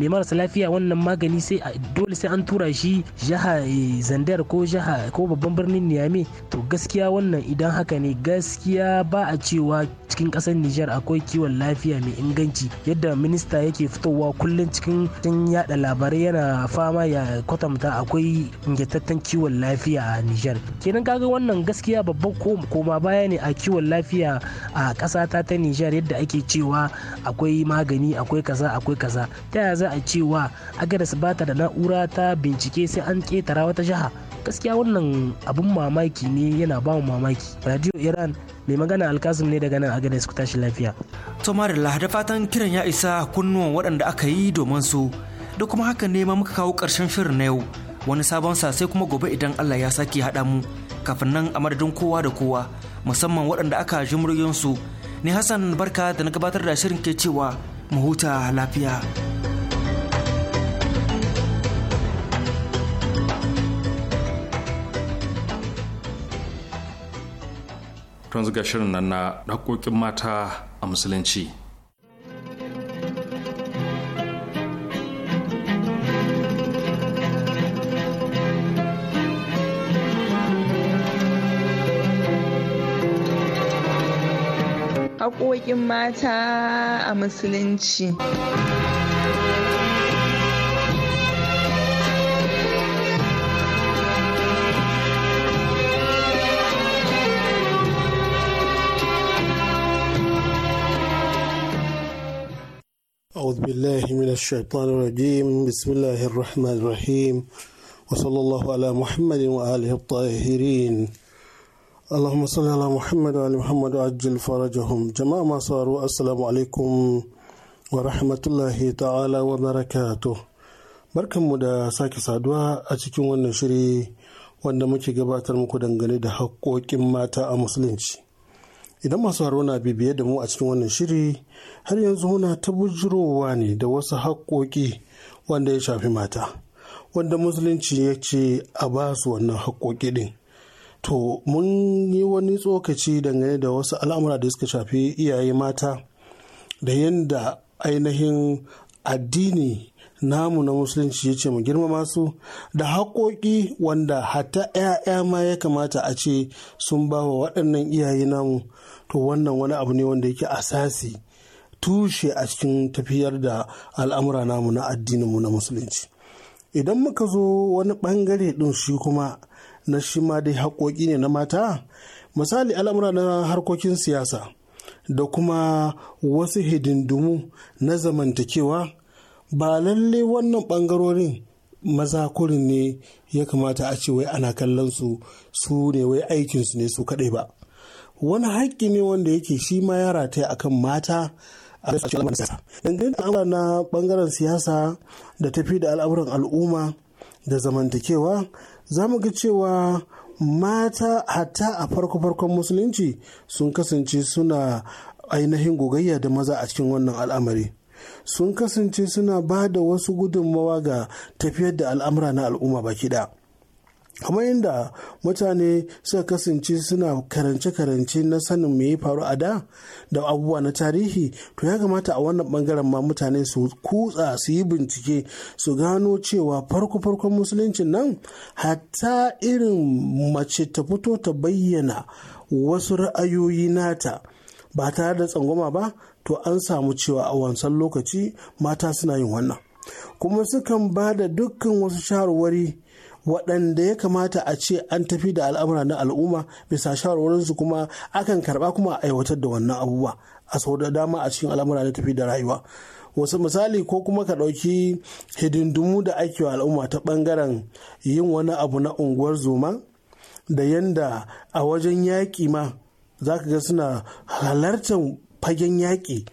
[SPEAKER 4] mai marasa lafiya wannan magani sai dole sai an tura shi jiha eh, zandar ko jiha ko babban birnin niyame to gaskiya wannan idan haka ne gaskiya ba a cewa cikin ƙasar Nijar akwai kiwon lafiya mai inganci yadda minista yake fitowa kullum cikin sun yada labarai yana fama ya kwatanta akwai ingantaccen kiwon lafiya a Nijar. Kenan kaga wannan gaskiya babban koma baya ne a kiwon lafiya a ƙasa ta ta Nijar yadda ake cewa akwai magani akwai kaza akwai kaza. Ta yaya za a cewa agaras ba ta da na'ura ta bincike sai an ƙetara wata jiha. gaskiya wannan abun mamaki ne yana ba mu mamaki radio iran mai magana alkasim ne daga nan agadez ku tashi lafiya
[SPEAKER 3] to marilla da fatan kiran ya isa kunnuwan waɗanda aka yi domin su da kuma haka ne ma muka kawo karshen shirin na yau wani sabon sa sai kuma gobe idan allah ya sake haɗa mu kafin nan a madadin kowa da kowa musamman waɗanda aka ji su ne hassan barka da na gabatar da shirin ke cewa mu huta lafiya.
[SPEAKER 1] tun zuga shirin nan na haƙoƙin mata a musulunci
[SPEAKER 2] haƙoƙin mata a musulunci
[SPEAKER 8] أعوذ بالله من الشيطان الرجيم بسم الله الرحمن الرحيم وصلى الله على محمد وآله الطاهرين اللهم صل على محمد وعلى محمد وعجل فرجهم جماعة ما صاروا السلام عليكم ورحمة الله تعالى وبركاته barkan mu da sake saduwa a cikin wannan shiri wanda muke gabatar muku dangane da haƙoƙin mata a musulunci idan masu na bibiye da mu a cikin wannan shiri har yanzu muna ta bujirowa ne da wasu haƙoƙi wanda ya shafi mata wanda musulunci ya ce a ba su wannan haƙoƙi din. to mun yi wani tsokaci dangane da wasu al'amura da suka shafi iyaye mata da yadda ainihin addini namu na musulunci ya ce mu girmama su da haƙoƙi wanda hatta 'ya'ya ma ya kamata a ce sun ba wa waɗannan iyaye namu to wannan wani abu ne wanda yake asasi tushe a cikin tafiyar da al'amura namu na addininmu na musulunci idan muka zo wani bangare ɗin shi kuma na shi ma dai haƙoƙi ne na mata misali al'amura na harkokin siyasa da kuma wasu hidindumu na zamantakewa ba lalle wannan ɓangarorin maza kurin ne ya kamata a ce wai ana kallon su su ne wai aikinsu ne su kaɗai ba wani haƙƙi ne wanda yake shi ma ya rataya akan mata a cikin siyasa Yanzu da na bangaren siyasa da tafi da al'amuran al'umma da zamantakewa za mu ga cewa mata hatta a farko-farkon musulunci sun kasance suna ainihin gogayya da maza a cikin wannan al'amari sun kasance suna ba da wasu gudunmawa ga tafiyar da al'amura na al'umma baki ɗaya. kamar yadda mutane suka kasance suna karance-karance na sanin mai ya faru a da da abubuwa na tarihi to ya kamata a wannan bangaren ma mutane su kutsa su yi bincike su gano cewa farko-farkon musuluncin nan hatta irin mace ta fito ta bayyana wasu ra'ayoyi nata ba tare da tsangwama ba to an samu cewa a wancan lokaci mata suna yin wannan kuma sukan ba da dukkan wasu shawarwari waɗanda ya kamata a ce an tafi da al'amura na al'umma bisa shawarwarinsu kuma akan karɓa kuma a aiwatar da wannan abubuwa a sau da dama a cikin al'amura na tafi da rayuwa wasu misali ko kuma ka ɗauki hidindimu da ake wa al'umma ta ɓangaren yin wani abu na unguwar zoma da yanda a wajen yaƙi ma za ka ga suna halartar fagen yaƙi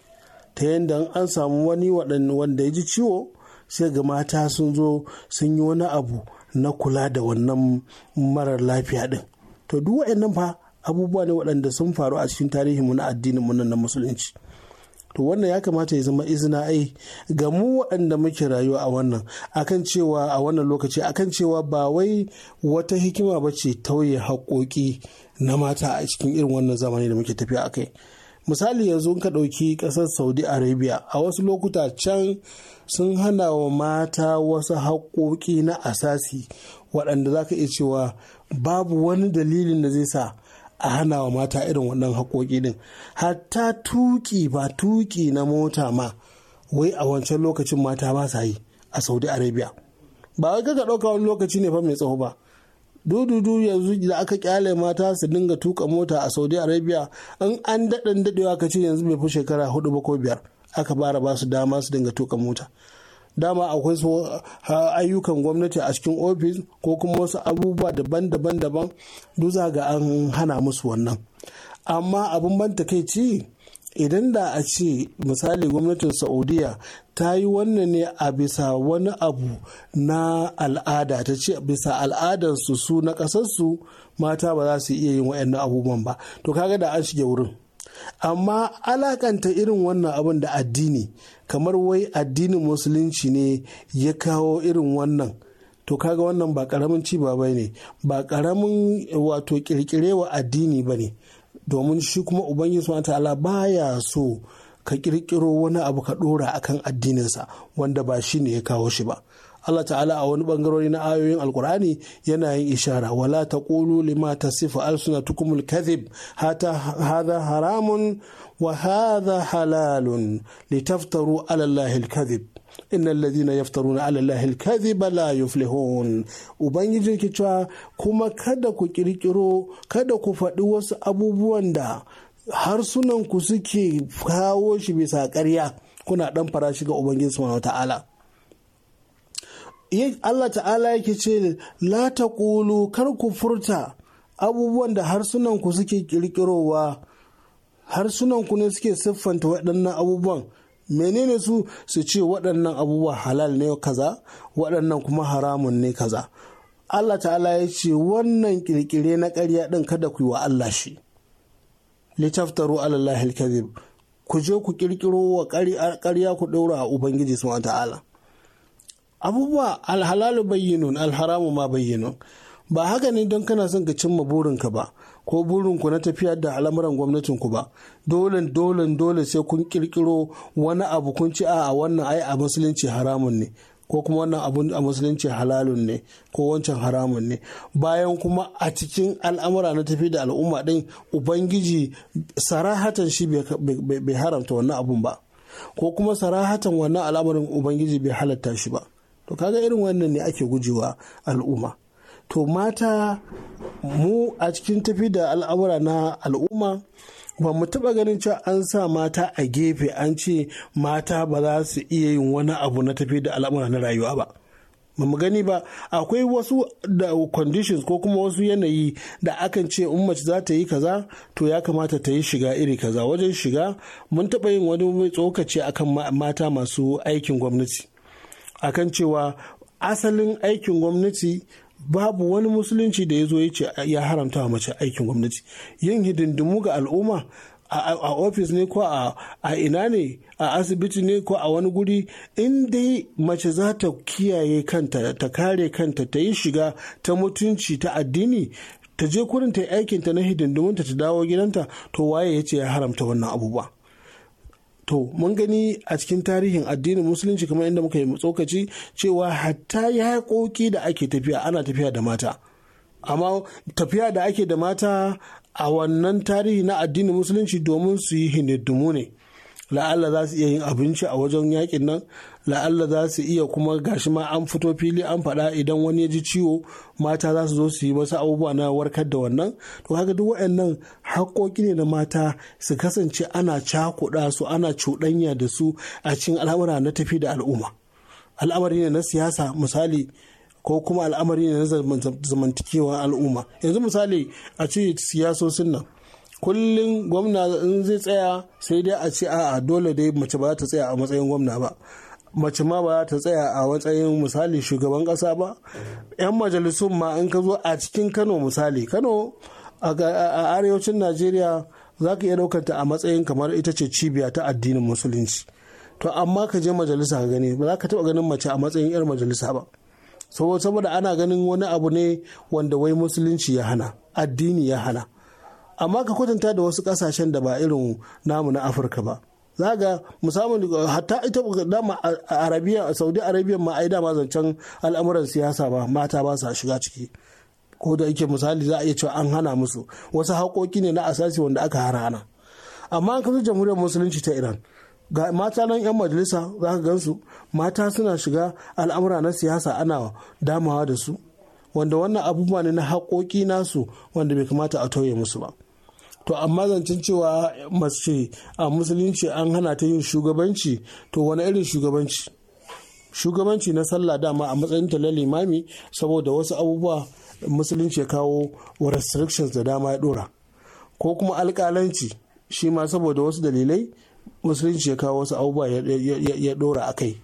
[SPEAKER 8] ta yanda an samu wani wanda ya ji ciwo sai ga mata sun zo sun yi wani abu na kula da wannan marar lafiya din to duk waɗannan fa abubuwa ne waɗanda sun faru a cikin tarihinmu na addininmu na na musulunci to wannan ya kamata ya zama izina ai eh, ga mu waɗanda muke rayuwa a wannan akan cewa a wannan lokaci akan cewa ba wai wata hikima ba ce tauye haƙoƙi na mata a cikin irin wannan zamani da muke tafiya a kai misali yanzu ka ɗauki ƙasar saudi arabia a wasu lokuta can sun hana wa mata wasu haƙoƙi na asasi waɗanda za ka iya cewa babu wani dalilin da zai sa a hana wa mata irin wannan haƙoƙi din hatta tuƙi ba tuƙi na mota ma wai a wancan lokacin mata ba sa yi a saudi arabia ba wai ka ɗauka wani lokaci ne fa mai tsawo ba dududu yanzu da aka kyale mata su dinga tuka mota a saudi arabia in an daɗin daɗewa ka ce yanzu bai fi shekara hudu ba ko biyar aka bara ba su dama su dinga tuka mota dama akwai su ayyukan gwamnati a cikin ofis ko kuma wasu abubuwa daban-daban daban duza ga an hana musu wannan amma abin ban takaici idan da a ce misali gwamnatin saudiya ta yi wannan ne a bisa wani abu na al'ada ta ce bisa al'adarsu su na ƙasarsu mata ba za su iya yin wa'annan abubuwan ba to kaga da an shige wurin amma alakanta irin wannan abin da addini kamar wai addinin musulunci ne ya kawo irin wannan to kaga wannan ba karamin ci ba ne ba karamin wato kirkirewa addini ba ne domin shi kuma ubangiji subhanahu ta'ala baya so ka kirkiro wani abu ka dora akan addininsa wanda ba shi ne ya kawo shi ba Allah ta'ala a wani bangarori na ayoyin alkur'ani yana yin ishara wala kulu lima tasifu alsunatukumul kazib hata hada haramun wa hada halalun litaftaru ala allahi alkadhib innal yaftaruna ala allahi alkadhib la yuflihun ubangijin ki cewa kuma kada ku kirkiro kada ku faɗi wasu abubuwan da harsunan ku suke kawo shi bisa ƙarya kuna ɗan fara shiga ubangiji subhanahu ta'ala Allah ta'ala yake ce la Kulu, kar ku furta abubuwan da harsunanku suke kirkirowa harsunanku ne suke siffanta waɗannan abubuwan menene su su ce waɗannan abubuwa halal ne kaza waɗannan kuma haramun ne kaza Allah ta'ala ya ce wannan kirkire na ƙarya ɗin kada ku yi wa Allah shi litaftaru alallahi alkazib ku je ku kirkiro wa ƙarya ku ɗora a ubangiji subhanahu ta'ala abubuwa alhalalu bayyinun alharamu ma bayyinun ba haka ne don kana son ka cimma burinka ba ko burinku na tafiya da al'amuran gwamnatinku ba dole dole dole sai kun kirkiro wani abu kun ci a wannan ai a musulunci haramun ne ko kuma wannan abun a musulunci halalun ne ko wancan haramun ne bayan kuma a cikin al'amura na tafi da al'umma din ubangiji sarahatan shi bai haramta wannan abun ba ko kuma sarahatan wannan al'amarin ubangiji bai halatta shi ba to kaga irin wannan ne ake gujewa al'umma to mata mu a cikin tafi da al'amura na al'umma ba mu taba ganin cewa an sa mata a gefe an ce mata ba za su iya yin wani abu na tafi da al'amura na rayuwa ba ba mu gani ba akwai wasu da conditions ko kuma wasu yanayi da akan ce in mace za ta yi kaza to ya kamata ta yi shiga iri kaza wajen shiga mun taɓa yin wani mai tsokaci akan mata masu aikin gwamnati akan cewa asalin aikin gwamnati babu wani musulunci da ya zo ya ce ya haramta wa mace aikin gwamnati yin hidindimu ga al'umma a ofis ne ko a ina ne a asibiti ne ko a wani guri in dai mace za ta kiyaye kanta ta kare kanta ta yi shiga ta mutunci ta addini ta je kurin ta aikinta na hidindimunta ta dawo gidanta to waye ya ce ya haramta wannan abubuwa to mun gani a cikin tarihin addinin musulunci kamar inda muka yi tsokaci cewa hatta yaƙoƙi da ake tafiya ana tafiya da mata amma tafiya da ake da mata a wannan tarihi na addinin musulunci domin su yi hididdimu ne la'alla za su iya yin abinci a wajen yakin nan la'alla za su iya kuma gashi ma an fito fili an faɗa idan wani ya ji ciwo mata za su zo su yi wasu abubuwa na warkar da wannan to haka duk waɗannan haƙoƙi ne na mata su kasance ana cakuɗa su ana cuɗanya da su a cikin al'amura na tafi da al'umma al'amari ne na siyasa misali ko kuma al'amari ne na zamantakewa al'umma yanzu misali a ce siyasosin nan kullum gwamna in zai tsaya sai dai a ce a'a dole dai mace ba za ta tsaya a matsayin gwamna ba mace ma ba ta tsaya a matsayin misali shugaban kasa ba yan majalisun ma in ka zo a cikin kano misali kano a arewacin najeriya za ka iya ɗaukanta a matsayin kamar ita ce cibiya ta addinin musulunci to amma ka je majalisa ka gani ba za ka taɓa ganin mace a matsayin 'yar majalisa ba saboda ana ganin wani abu ne wanda wai musulunci ya hana addini ya hana amma ka kwatanta da wasu ƙasashen da ba irin namu na afirka ba za ga musamman hatta ita dama a arabiya a saudi arabiya ma ai dama zancen al'amuran siyasa ba mata ba sa shiga ciki ko da yake misali za a iya cewa an hana musu wasu haƙoƙi ne na asasi wanda aka hana amma an kasu jamhuriyar musulunci ta iran ga mata nan 'yan majalisa za ka gansu mata suna shiga al'amura na siyasa ana damawa da su wanda wannan abubuwa ne na haƙoƙi nasu wanda bai kamata a tauye musu ba to amma zancen cewa mace a musulunci an hana ta yin shugabanci to wani irin shugabanci shugabanci na sallah dama a matsayin ta limami saboda wasu abubuwa musulunci ya kawo restrictions da dama ya dora ko kuma alkalanci shi ma saboda wasu dalilai musulunci ya kawo wasu abubuwa ya dora a kai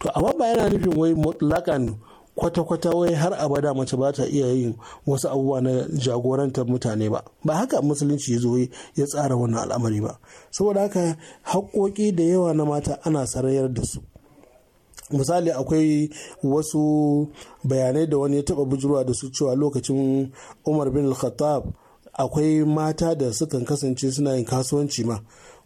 [SPEAKER 8] to amma ba yana nufin wai mutlakan kwata-kwata wai har abada mace ba ta iya yin wasu abubuwa na jagorantar mutane ba ba haka musulunci ya zo ya tsara wannan al'amari ba saboda haka haƙoƙi da yawa na mata ana sarayar da su misali akwai wasu bayanai da wani ya taɓa bujurwa da su cewa lokacin umar bin khattab akwai mata da sukan kasance suna yin kasuwanci ma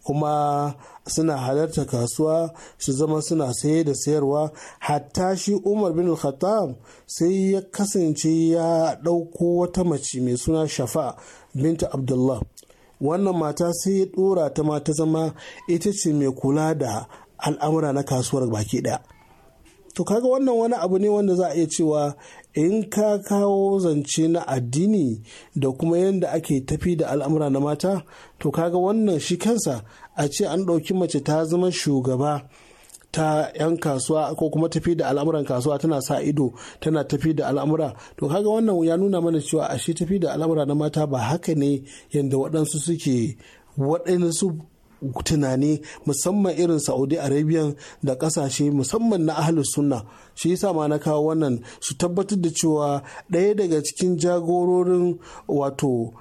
[SPEAKER 8] kuma suna halarta kasuwa su zama suna saye da sayarwa hatta shi umar bin khattab sai ya kasance ya ɗauko wata mace mai suna shafa binta abdullah wannan mata sai ya ɗora ta ma ta zama ita ce mai kula da al'amura na kasuwar baki ɗaya to kaga wannan wani abu ne wanda za a iya cewa in ka kawo zance na addini da kuma yadda ake tafi da al'amura na mata to kaga wannan shi kansa a ce an ɗauki mace ta zama shugaba ta 'yan kasuwa ko kuma tafi da al'amuran kasuwa tana sa ido tana tafi da al'amura to kaga wannan ya nuna mana cewa ashe tafi da al'amura na mata ba haka ne yadda waɗansu suke waɗansu tunani musamman irin saudi Arabia da kasashe musamman na ahlus sunna shi yasa ma na kawo wannan su tabbatar da cewa ɗaya daga cikin jagororin wato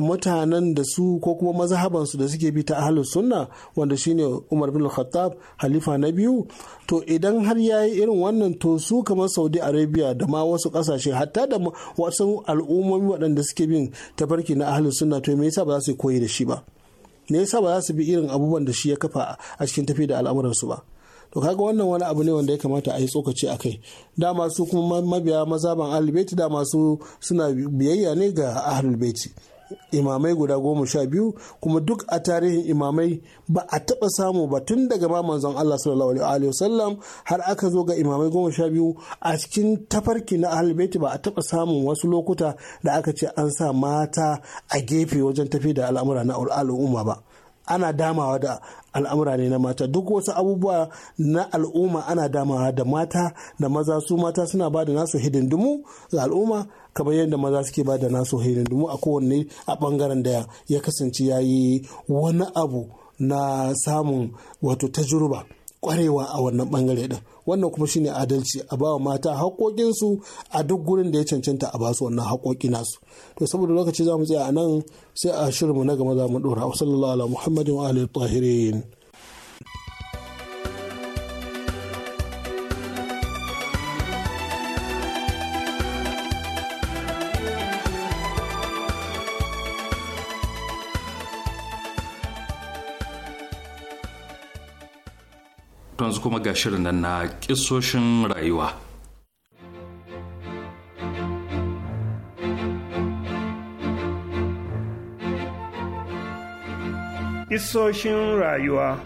[SPEAKER 8] mutanen da su ko kuma mazhabansu da suke bi ta ahlus sunna wanda shine Umar bin Khattab halifa na biyu to idan har yayi irin wannan to su kamar Saudi Arabia da ma wasu kasashe hatta da wasu al'ummomi waɗanda suke bin tafarki na ahlus sunna to me yasa ba za su koyi da shi ba me yasa ba za su bi irin abubuwan da shi ya kafa a cikin tafi da al'amuransu ba to kaga wannan wani abu ne wanda ya kamata a yi tsokaci a kai dama su kuma mabiya mazaban ahlul baiti dama su suna biyayya ne ga ahlul baiti imamai guda goma sha biyu kuma duk a tarihin imamai ba a taba samu ba tun daga ma manzon Allah sallallahu alaihi wasallam har aka zo ga imamai goma sha biyu a cikin tafarki na ahlul ba a taba samun wasu lokuta da aka ce an sa mata a gefe wajen tafi da al'amura na al'umma ba ana damawa da al'amura ne na mata duk wasu abubuwa na al'umma ana damawa da mata da maza su mata suna ba da nasu hidindimu ga al'umma kamar yadda maza suke ba da nasu hirin domin a kowanne a bangaren da ya kasance ya yi wani abu na samun wato tajurba kwarewa a wannan bangare din wannan kuma shine adalci a bawa mata haƙoƙinsu a duk gurin da ya cancanta a basu wannan haƙoƙi nasu to saboda lokaci za mu tsaya a nan sai a shirinmu na gama za mu dora wa sallallahu ala muhammadin wa alihi
[SPEAKER 1] to yanzu kuma ga shirin nan na kisoshin rayuwa
[SPEAKER 9] Isoshin rayuwa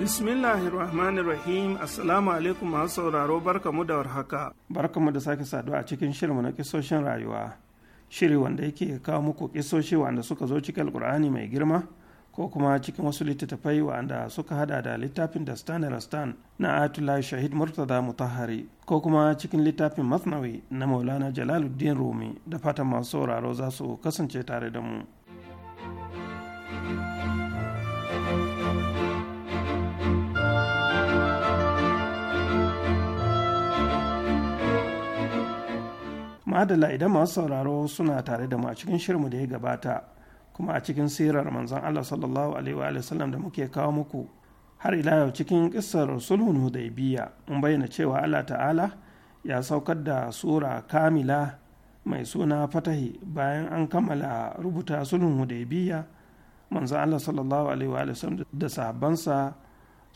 [SPEAKER 9] Bismillahir Rahmanir Rahim Assalamu alaikum masu sauraro barkamu da warhaka barkamu da sake saduwa a cikin shirmu na kisoshin rayuwa shiri wanda yake kawo muku kisoshi wanda suka zo cikin alkur'ani mai girma ko kuma cikin wasu littattafai wanda suka hada da littafin da stan rastan na atula shahid murtada mutahari ko kuma cikin littafin masnawi na maulana jalaluddin rumi da fatan masu sauraro za su kasance tare da mu madala idan masu sauraro suna tare da mu a cikin shirinmu da ya gabata kuma a cikin sirar manzon Allah sallallahu alaihi wa sallam da muke kawo muku har ila yau cikin kissar sulhun hudaybiya mun bayyana cewa Allah ta'ala ya saukar da sura kamila mai suna fatahi bayan an kammala rubuta sulhun hudaybiya manzon Allah sallallahu alaihi wa sallam da sahabbansa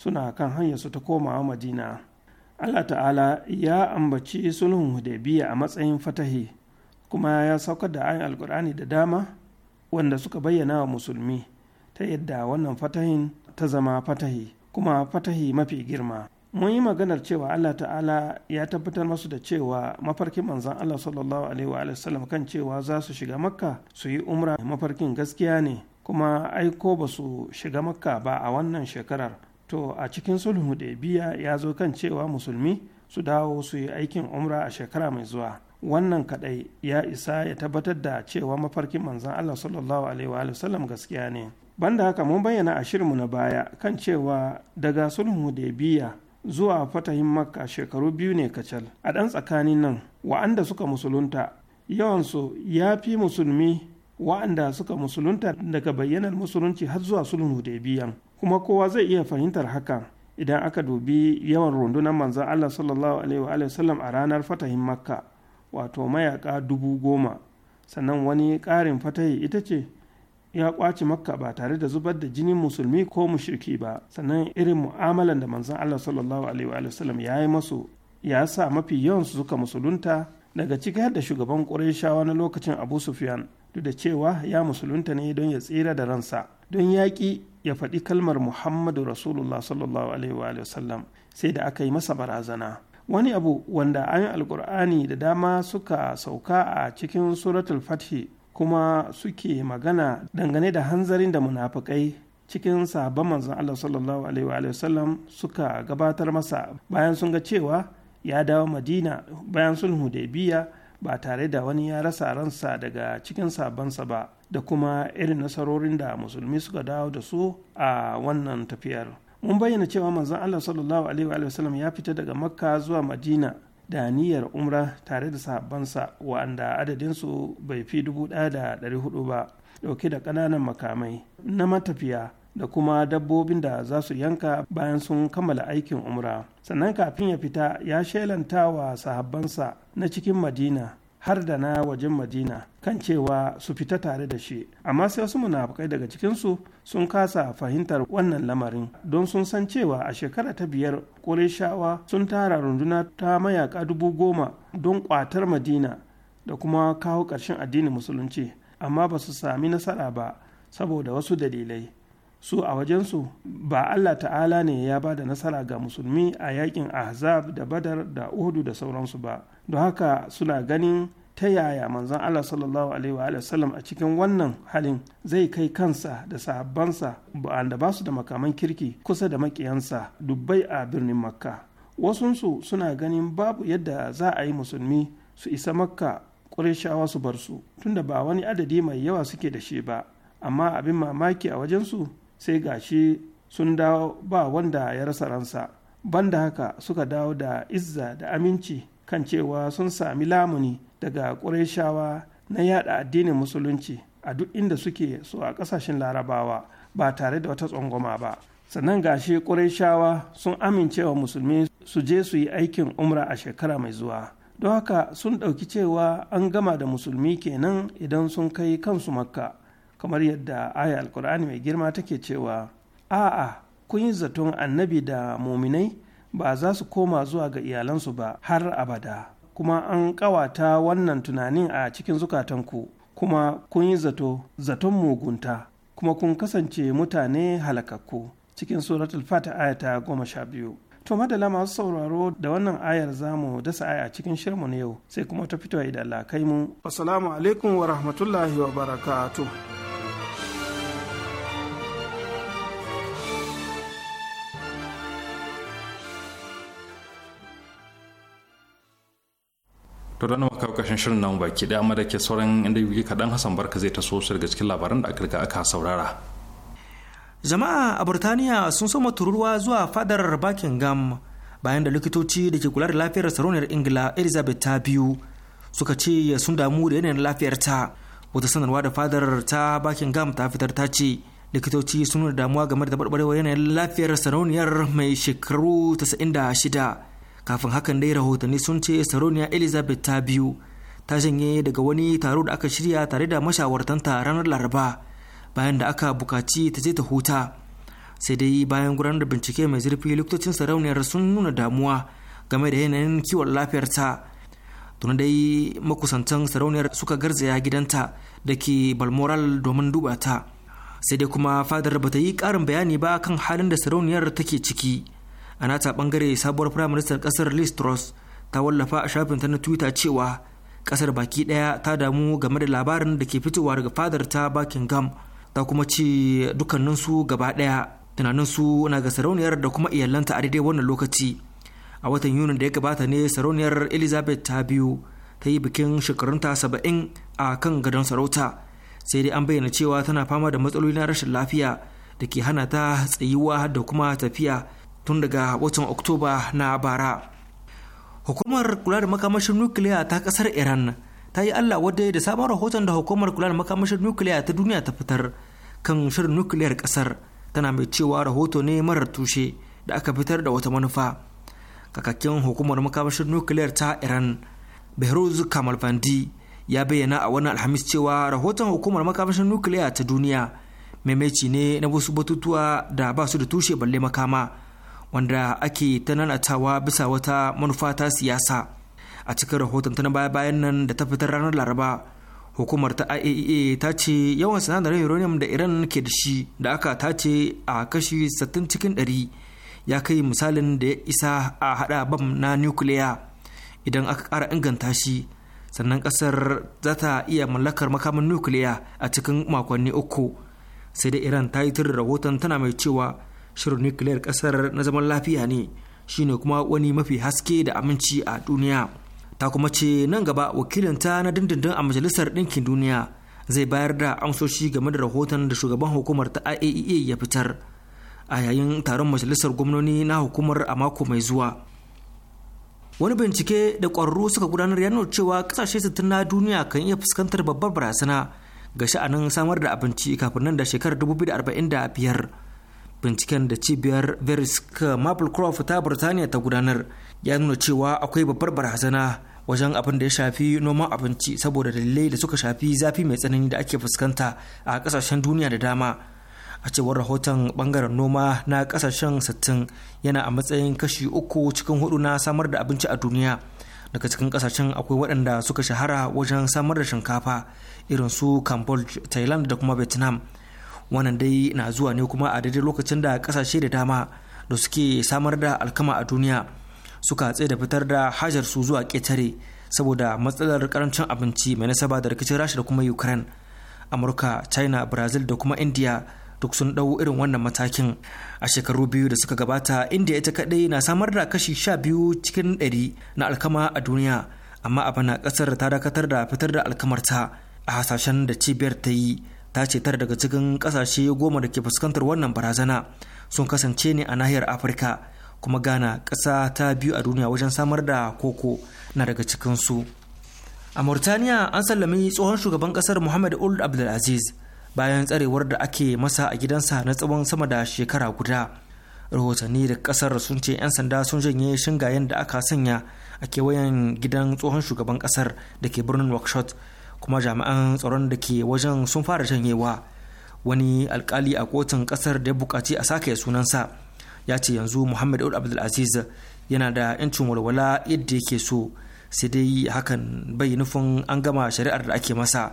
[SPEAKER 9] suna kan hanyar su ta komawa madina Allah ta'ala ya ambaci sulhun hudaybiya a matsayin fatahi kuma ya saukar da ayin alkur'ani da dama wanda suka bayyana wa musulmi ta yadda wannan fatahin ta zama fatahi kuma fatahi mafi girma mun yi maganar cewa Allah ta'ala ya tabbatar masu da cewa mafarkin manzan Allah sallallahu alaihi wa kan cewa za su shiga makka su yi umra mafarkin gaskiya ne kuma aiko ba su shiga makka ba a wannan shekarar to a cikin sulhu biya ya zo kan cewa musulmi su dawo su yi aikin umra a shekara mai zuwa wannan kadai ya isa ya tabbatar da cewa mafarkin manzan Allah sallallahu alaihi wa gaskiya ne banda haka mun bayyana a shirinmu na baya kan cewa daga sulhu hudaybiya zuwa fatahin makka shekaru biyu ne kacal a dan tsakanin nan wa'anda suka musulunta yawansu ya fi musulmi wa'anda suka musulunta daga bayyanar musulunci har zuwa sulhu hudaybiyan kuma kowa zai iya fahimtar haka idan aka dubi yawan rundunar manzan Allah sallallahu alaihi wasallam a ranar fatahin makka wato mayaka dubu goma sannan wani ƙarin fatahi ita ce ya ƙwace makka ba tare da zubar da jinin musulmi ko mushriki ba sannan irin mu'amalan da manzan Allah sallallahu alaihi wasallam ya yi masu ya sa mafi yawan su suka musulunta daga cikin da shugaban ƙurayshawa na lokacin abu sufyan duk da cewa ya musulunta ne don ya tsira da ransa don yaƙi ya faɗi kalmar muhammadu rasulullah sallallahu alaihi wa sallam sai da aka yi masa barazana wani abu wanda ayin alkur'ani da dama suka sauka a cikin suratul fathi kuma suke magana dangane da hanzarin da munafukai cikin sabon manzon Allah sallallahu alaihi wa sallam suka gabatar masa bayan sun ga cewa ya dawo madina bayan sun da biya ba tare da wani ya rasa ransa daga cikin sabansa ba da kuma irin nasarorin da musulmi suka dawo da su a wannan tafiyar mun bayyana cewa manzon Allah sallallahu alaihi wa sallam ya fita daga makka zuwa madina da niyyar umra tare da sabansa wa'anda adadinsu bai fi dubu ɗaya da ɗari hudu ba ɗauke da ƙananan makamai na matafiya da kuma dabbobin da za su yanka bayan sun kammala aikin umra sannan kafin ya fita ya shelanta wa sahabbansa na cikin madina har da na wajen madina kan cewa su fita tare da shi amma sai wasu munafukai daga cikinsu sun kasa fahimtar wannan lamarin don sun san cewa a shekara ta biyar ƙurishawa sun tara runduna ta mayaka dubu goma don ƙwatar madina da kuma kawo ƙarshen addinin musulunci amma ba su sami nasara ba saboda wasu dalilai su a wajensu ba Allah ta'ala ne ya ba da nasara ga musulmi a yakin ahzab da badar da uhudu da sauransu ba don haka suna ganin ta yaya manzon Allah sallallahu alaihi wa sallam a cikin wannan halin zai kai kansa da sahabbansa da ba su da makaman kirki kusa da makiyansa dubbai a birnin makka wasunsu suna ganin babu yadda za a yi musulmi su isa makka ƙurishawa su bar su tunda ba wani adadi mai yawa suke da shi ba amma abin mamaki a wajensu sai gashi sun dawo ba wanda ya rasa ransa banda haka suka dawo da izza da aminci kan cewa sun sami lamuni daga ƙureshawa na yada addinin musulunci a duk inda suke so a ƙasashen larabawa ba tare da wata tsangwama ba sannan gashi ƙureshawa sun amince wa musulmi su je su yi aikin umra a shekara mai zuwa don haka sun ɗauki cewa an gama da musulmi kenan idan sun kai kansu makka kamar yadda aya alkur'ani mai girma take cewa a'a kun yi zaton annabi da muminai ba za su koma zuwa ga iyalansu ba har abada kuma an kawata wannan tunanin a cikin zukatanku kuma kun yi zato zaton mugunta kuma kun kasance mutane halakakku cikin suratul fata aya ta goma sha biyu to madala masu sauraro da wannan ayar zamu dasa aya cikin shirmu na yau sai kuma ta fito idan Allah kai mu assalamu alaikum wa rahmatullahi wa barakatuh
[SPEAKER 1] to da muka kashin shirin nan baki daya amma da ke sauran inda yuki kaɗan hassan barka zai taso su daga cikin labaran da aka aka saurara
[SPEAKER 3] jama'a a burtaniya sun soma tururuwa zuwa fadar buckingham bayan da likitoci da ke kula da lafiyar sarauniyar ingila elizabeth ta biyu suka ce sun damu da yanayin lafiyarta wata sanarwa da fadar ta buckingham ta fitar ta ce likitoci sun nuna damuwa game da taɓarɓarewar yanayin lafiyar sarauniyar mai shekaru 96 kafin hakan dai rahotanni sun ce sarauniya elizabeth ta biyu ta janye daga wani taro da aka shirya tare da mashawartanta ranar laraba bayan da aka bukaci ta je ta huta sai dai bayan gudanar da bincike mai zurfi likitocin sarauniyar sun nuna damuwa game da yanayin kiwon lafiyarta tuna dai makusantan sarauniyar suka garzaya gidanta da ke balmoral domin duba ta sai dai kuma fadar bata yi karin bayani ba kan halin da sarauniyar take ciki a nata bangare sabuwar firaministan kasar liz truss ta wallafa a shafin ta na twitter cewa kasar baki daya ta damu game da labarin da ke fitowa daga fadar ta buckingham ta kuma ce dukkaninsu gaba daya su na ga sarauniyar da kuma iyalanta a daidai wannan lokaci a watan yunin da ya gabata ne sarauniyar elizabeth ta biyu ta yi bikin shekarunta saba'in a kan gadon sarauta sai dai an bayyana cewa tana fama da matsaloli na rashin lafiya da ke hana ta tsayuwa da kuma tafiya tun daga watan oktoba na bara hukumar kula da makamashin nukiliya ta kasar iran ta yi allah wadda da sabon rahoton da hukumar kula da makamashin nukiliya ta duniya ta fitar kan shirin nukiliyar kasar tana mai cewa rahoto ne marar tushe da aka fitar da wata manufa kakakken hukumar makamashin nukiliyar ta iran behruz kamalfandi ya bayyana a wani alhamis cewa rahoton hukumar makamashin nukiliya ta duniya maimaici ne na wasu batutuwa da ba su da tushe balle makama wanda ake ta nanatawa bisa wata manufa ta siyasa a cikin rahoton ta na baya-bayan nan da ta fitar ranar laraba hukumar ta iaea e ta ce yawan sinadarin uranium da iran ke da shi da aka tace a kashi 60 cikin 100 ya kai misalin da ya isa a hada bam na nukiliya idan aka kara inganta shi sannan kasar za ta iya mallakar makamin nukiliya a cikin makonni uku sai da iran ta yi rahoton tana mai cewa shirin nukiliyar kasar na zaman lafiya ne shine kuma wani mafi haske da aminci a duniya ta kuma ce nan gaba wakilinta na dindindin a majalisar ɗinkin duniya zai bayar da amsoshi game da rahoton da shugaban hukumar ta iaea e ya fitar a yayin taron majalisar gwamnoni na hukumar a mako mai zuwa wani bincike da ƙwararru suka gudanar ya nuna cewa ƙasashe sittin na duniya kan iya fuskantar babbar barazana ga sha'anin samar da abinci kafin nan da shekarar 2045 binciken da cibiyar verisk maplecroft ta birtaniya ta gudanar ya nuna cewa akwai babbar barazana wajen abin da ya shafi noman abinci saboda dalilai da suka shafi zafi mai tsanani da ake fuskanta a kasashen duniya da dama a cewar rahoton bangaren noma na kasashen 60 yana a matsayin kashi uku cikin hudu na samar da abinci a duniya daga cikin kasashen akwai waɗanda suka shahara wajen samar da shinkafa irin su cambodia thailand da kuma vietnam wannan dai na zuwa ne kuma a daidai lokacin da kasashe da dama da suke samar da alkama a duniya suka tsaye da fitar da hajar su zuwa ketare saboda matsalar karancin abinci mai nasaba da rikicin rasha da kuma ukraine amurka china brazil da kuma india duk sun dau irin wannan matakin a shekaru biyu da suka gabata india ita kadai na samar da kashi sha biyu cikin ɗari na alkama a duniya amma abana kasar ƙasar ta dakatar da fitar da alkamar ta a hasashen da cibiyar ta yi ta ce tara daga cikin kasashe goma da ke fuskantar wannan barazana sun kasance ne a nahiyar afirka kuma ghana ƙasa ta biyu a duniya wajen samar da koko na daga cikin su. a mauritaniya an sallami tsohon shugaban ƙasar muhammad old abdulaziz bayan tsarewar da ake masa a gidansa na tsawon sama da shekara guda rahotanni da kasar sun ce 'yan sanda sun janye shingayen da aka sanya a kewayen gidan tsohon shugaban kasar da ke birnin workshop kuma jami'an tsaron da ke wajen sun fara wa wani alkali a kotun kasar da ya bukaci a sake sunansa ya ce yanzu muhammad abdul abdulaziz yana da 'yancin walwala yadda yake so sai dai hakan bai nufin an gama shari'ar da ake masa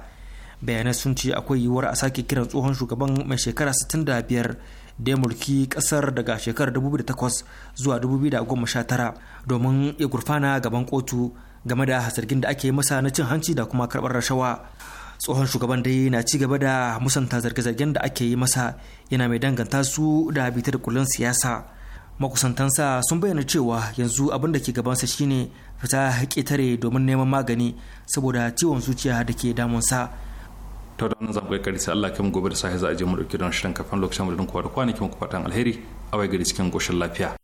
[SPEAKER 3] bayanai sun ce akwai yiwuwar a sake kiran tsohon shugaban mai shekara 65 da ya mulki kasar daga shekarar 2008 zuwa 2019 domin ya gurfana gaban kotu game da zargin da ake masa na cin hanci da kuma karɓar rashawa tsohon shugaban dai na ci gaba da musanta zarge-zargen da ake yi masa yana mai danganta su da bitar kullun siyasa makusantansa sun bayyana cewa yanzu abin da ke gabansa shine fita tare domin neman magani saboda
[SPEAKER 1] ciwon zuciya da ke damunsa ta da nan zamu kai sai Allah kai gobe da sahi za a je mu dauki don shirin kafin lokacin mu da kowa da kwanakin mu alheri a wai gari cikin goshin lafiya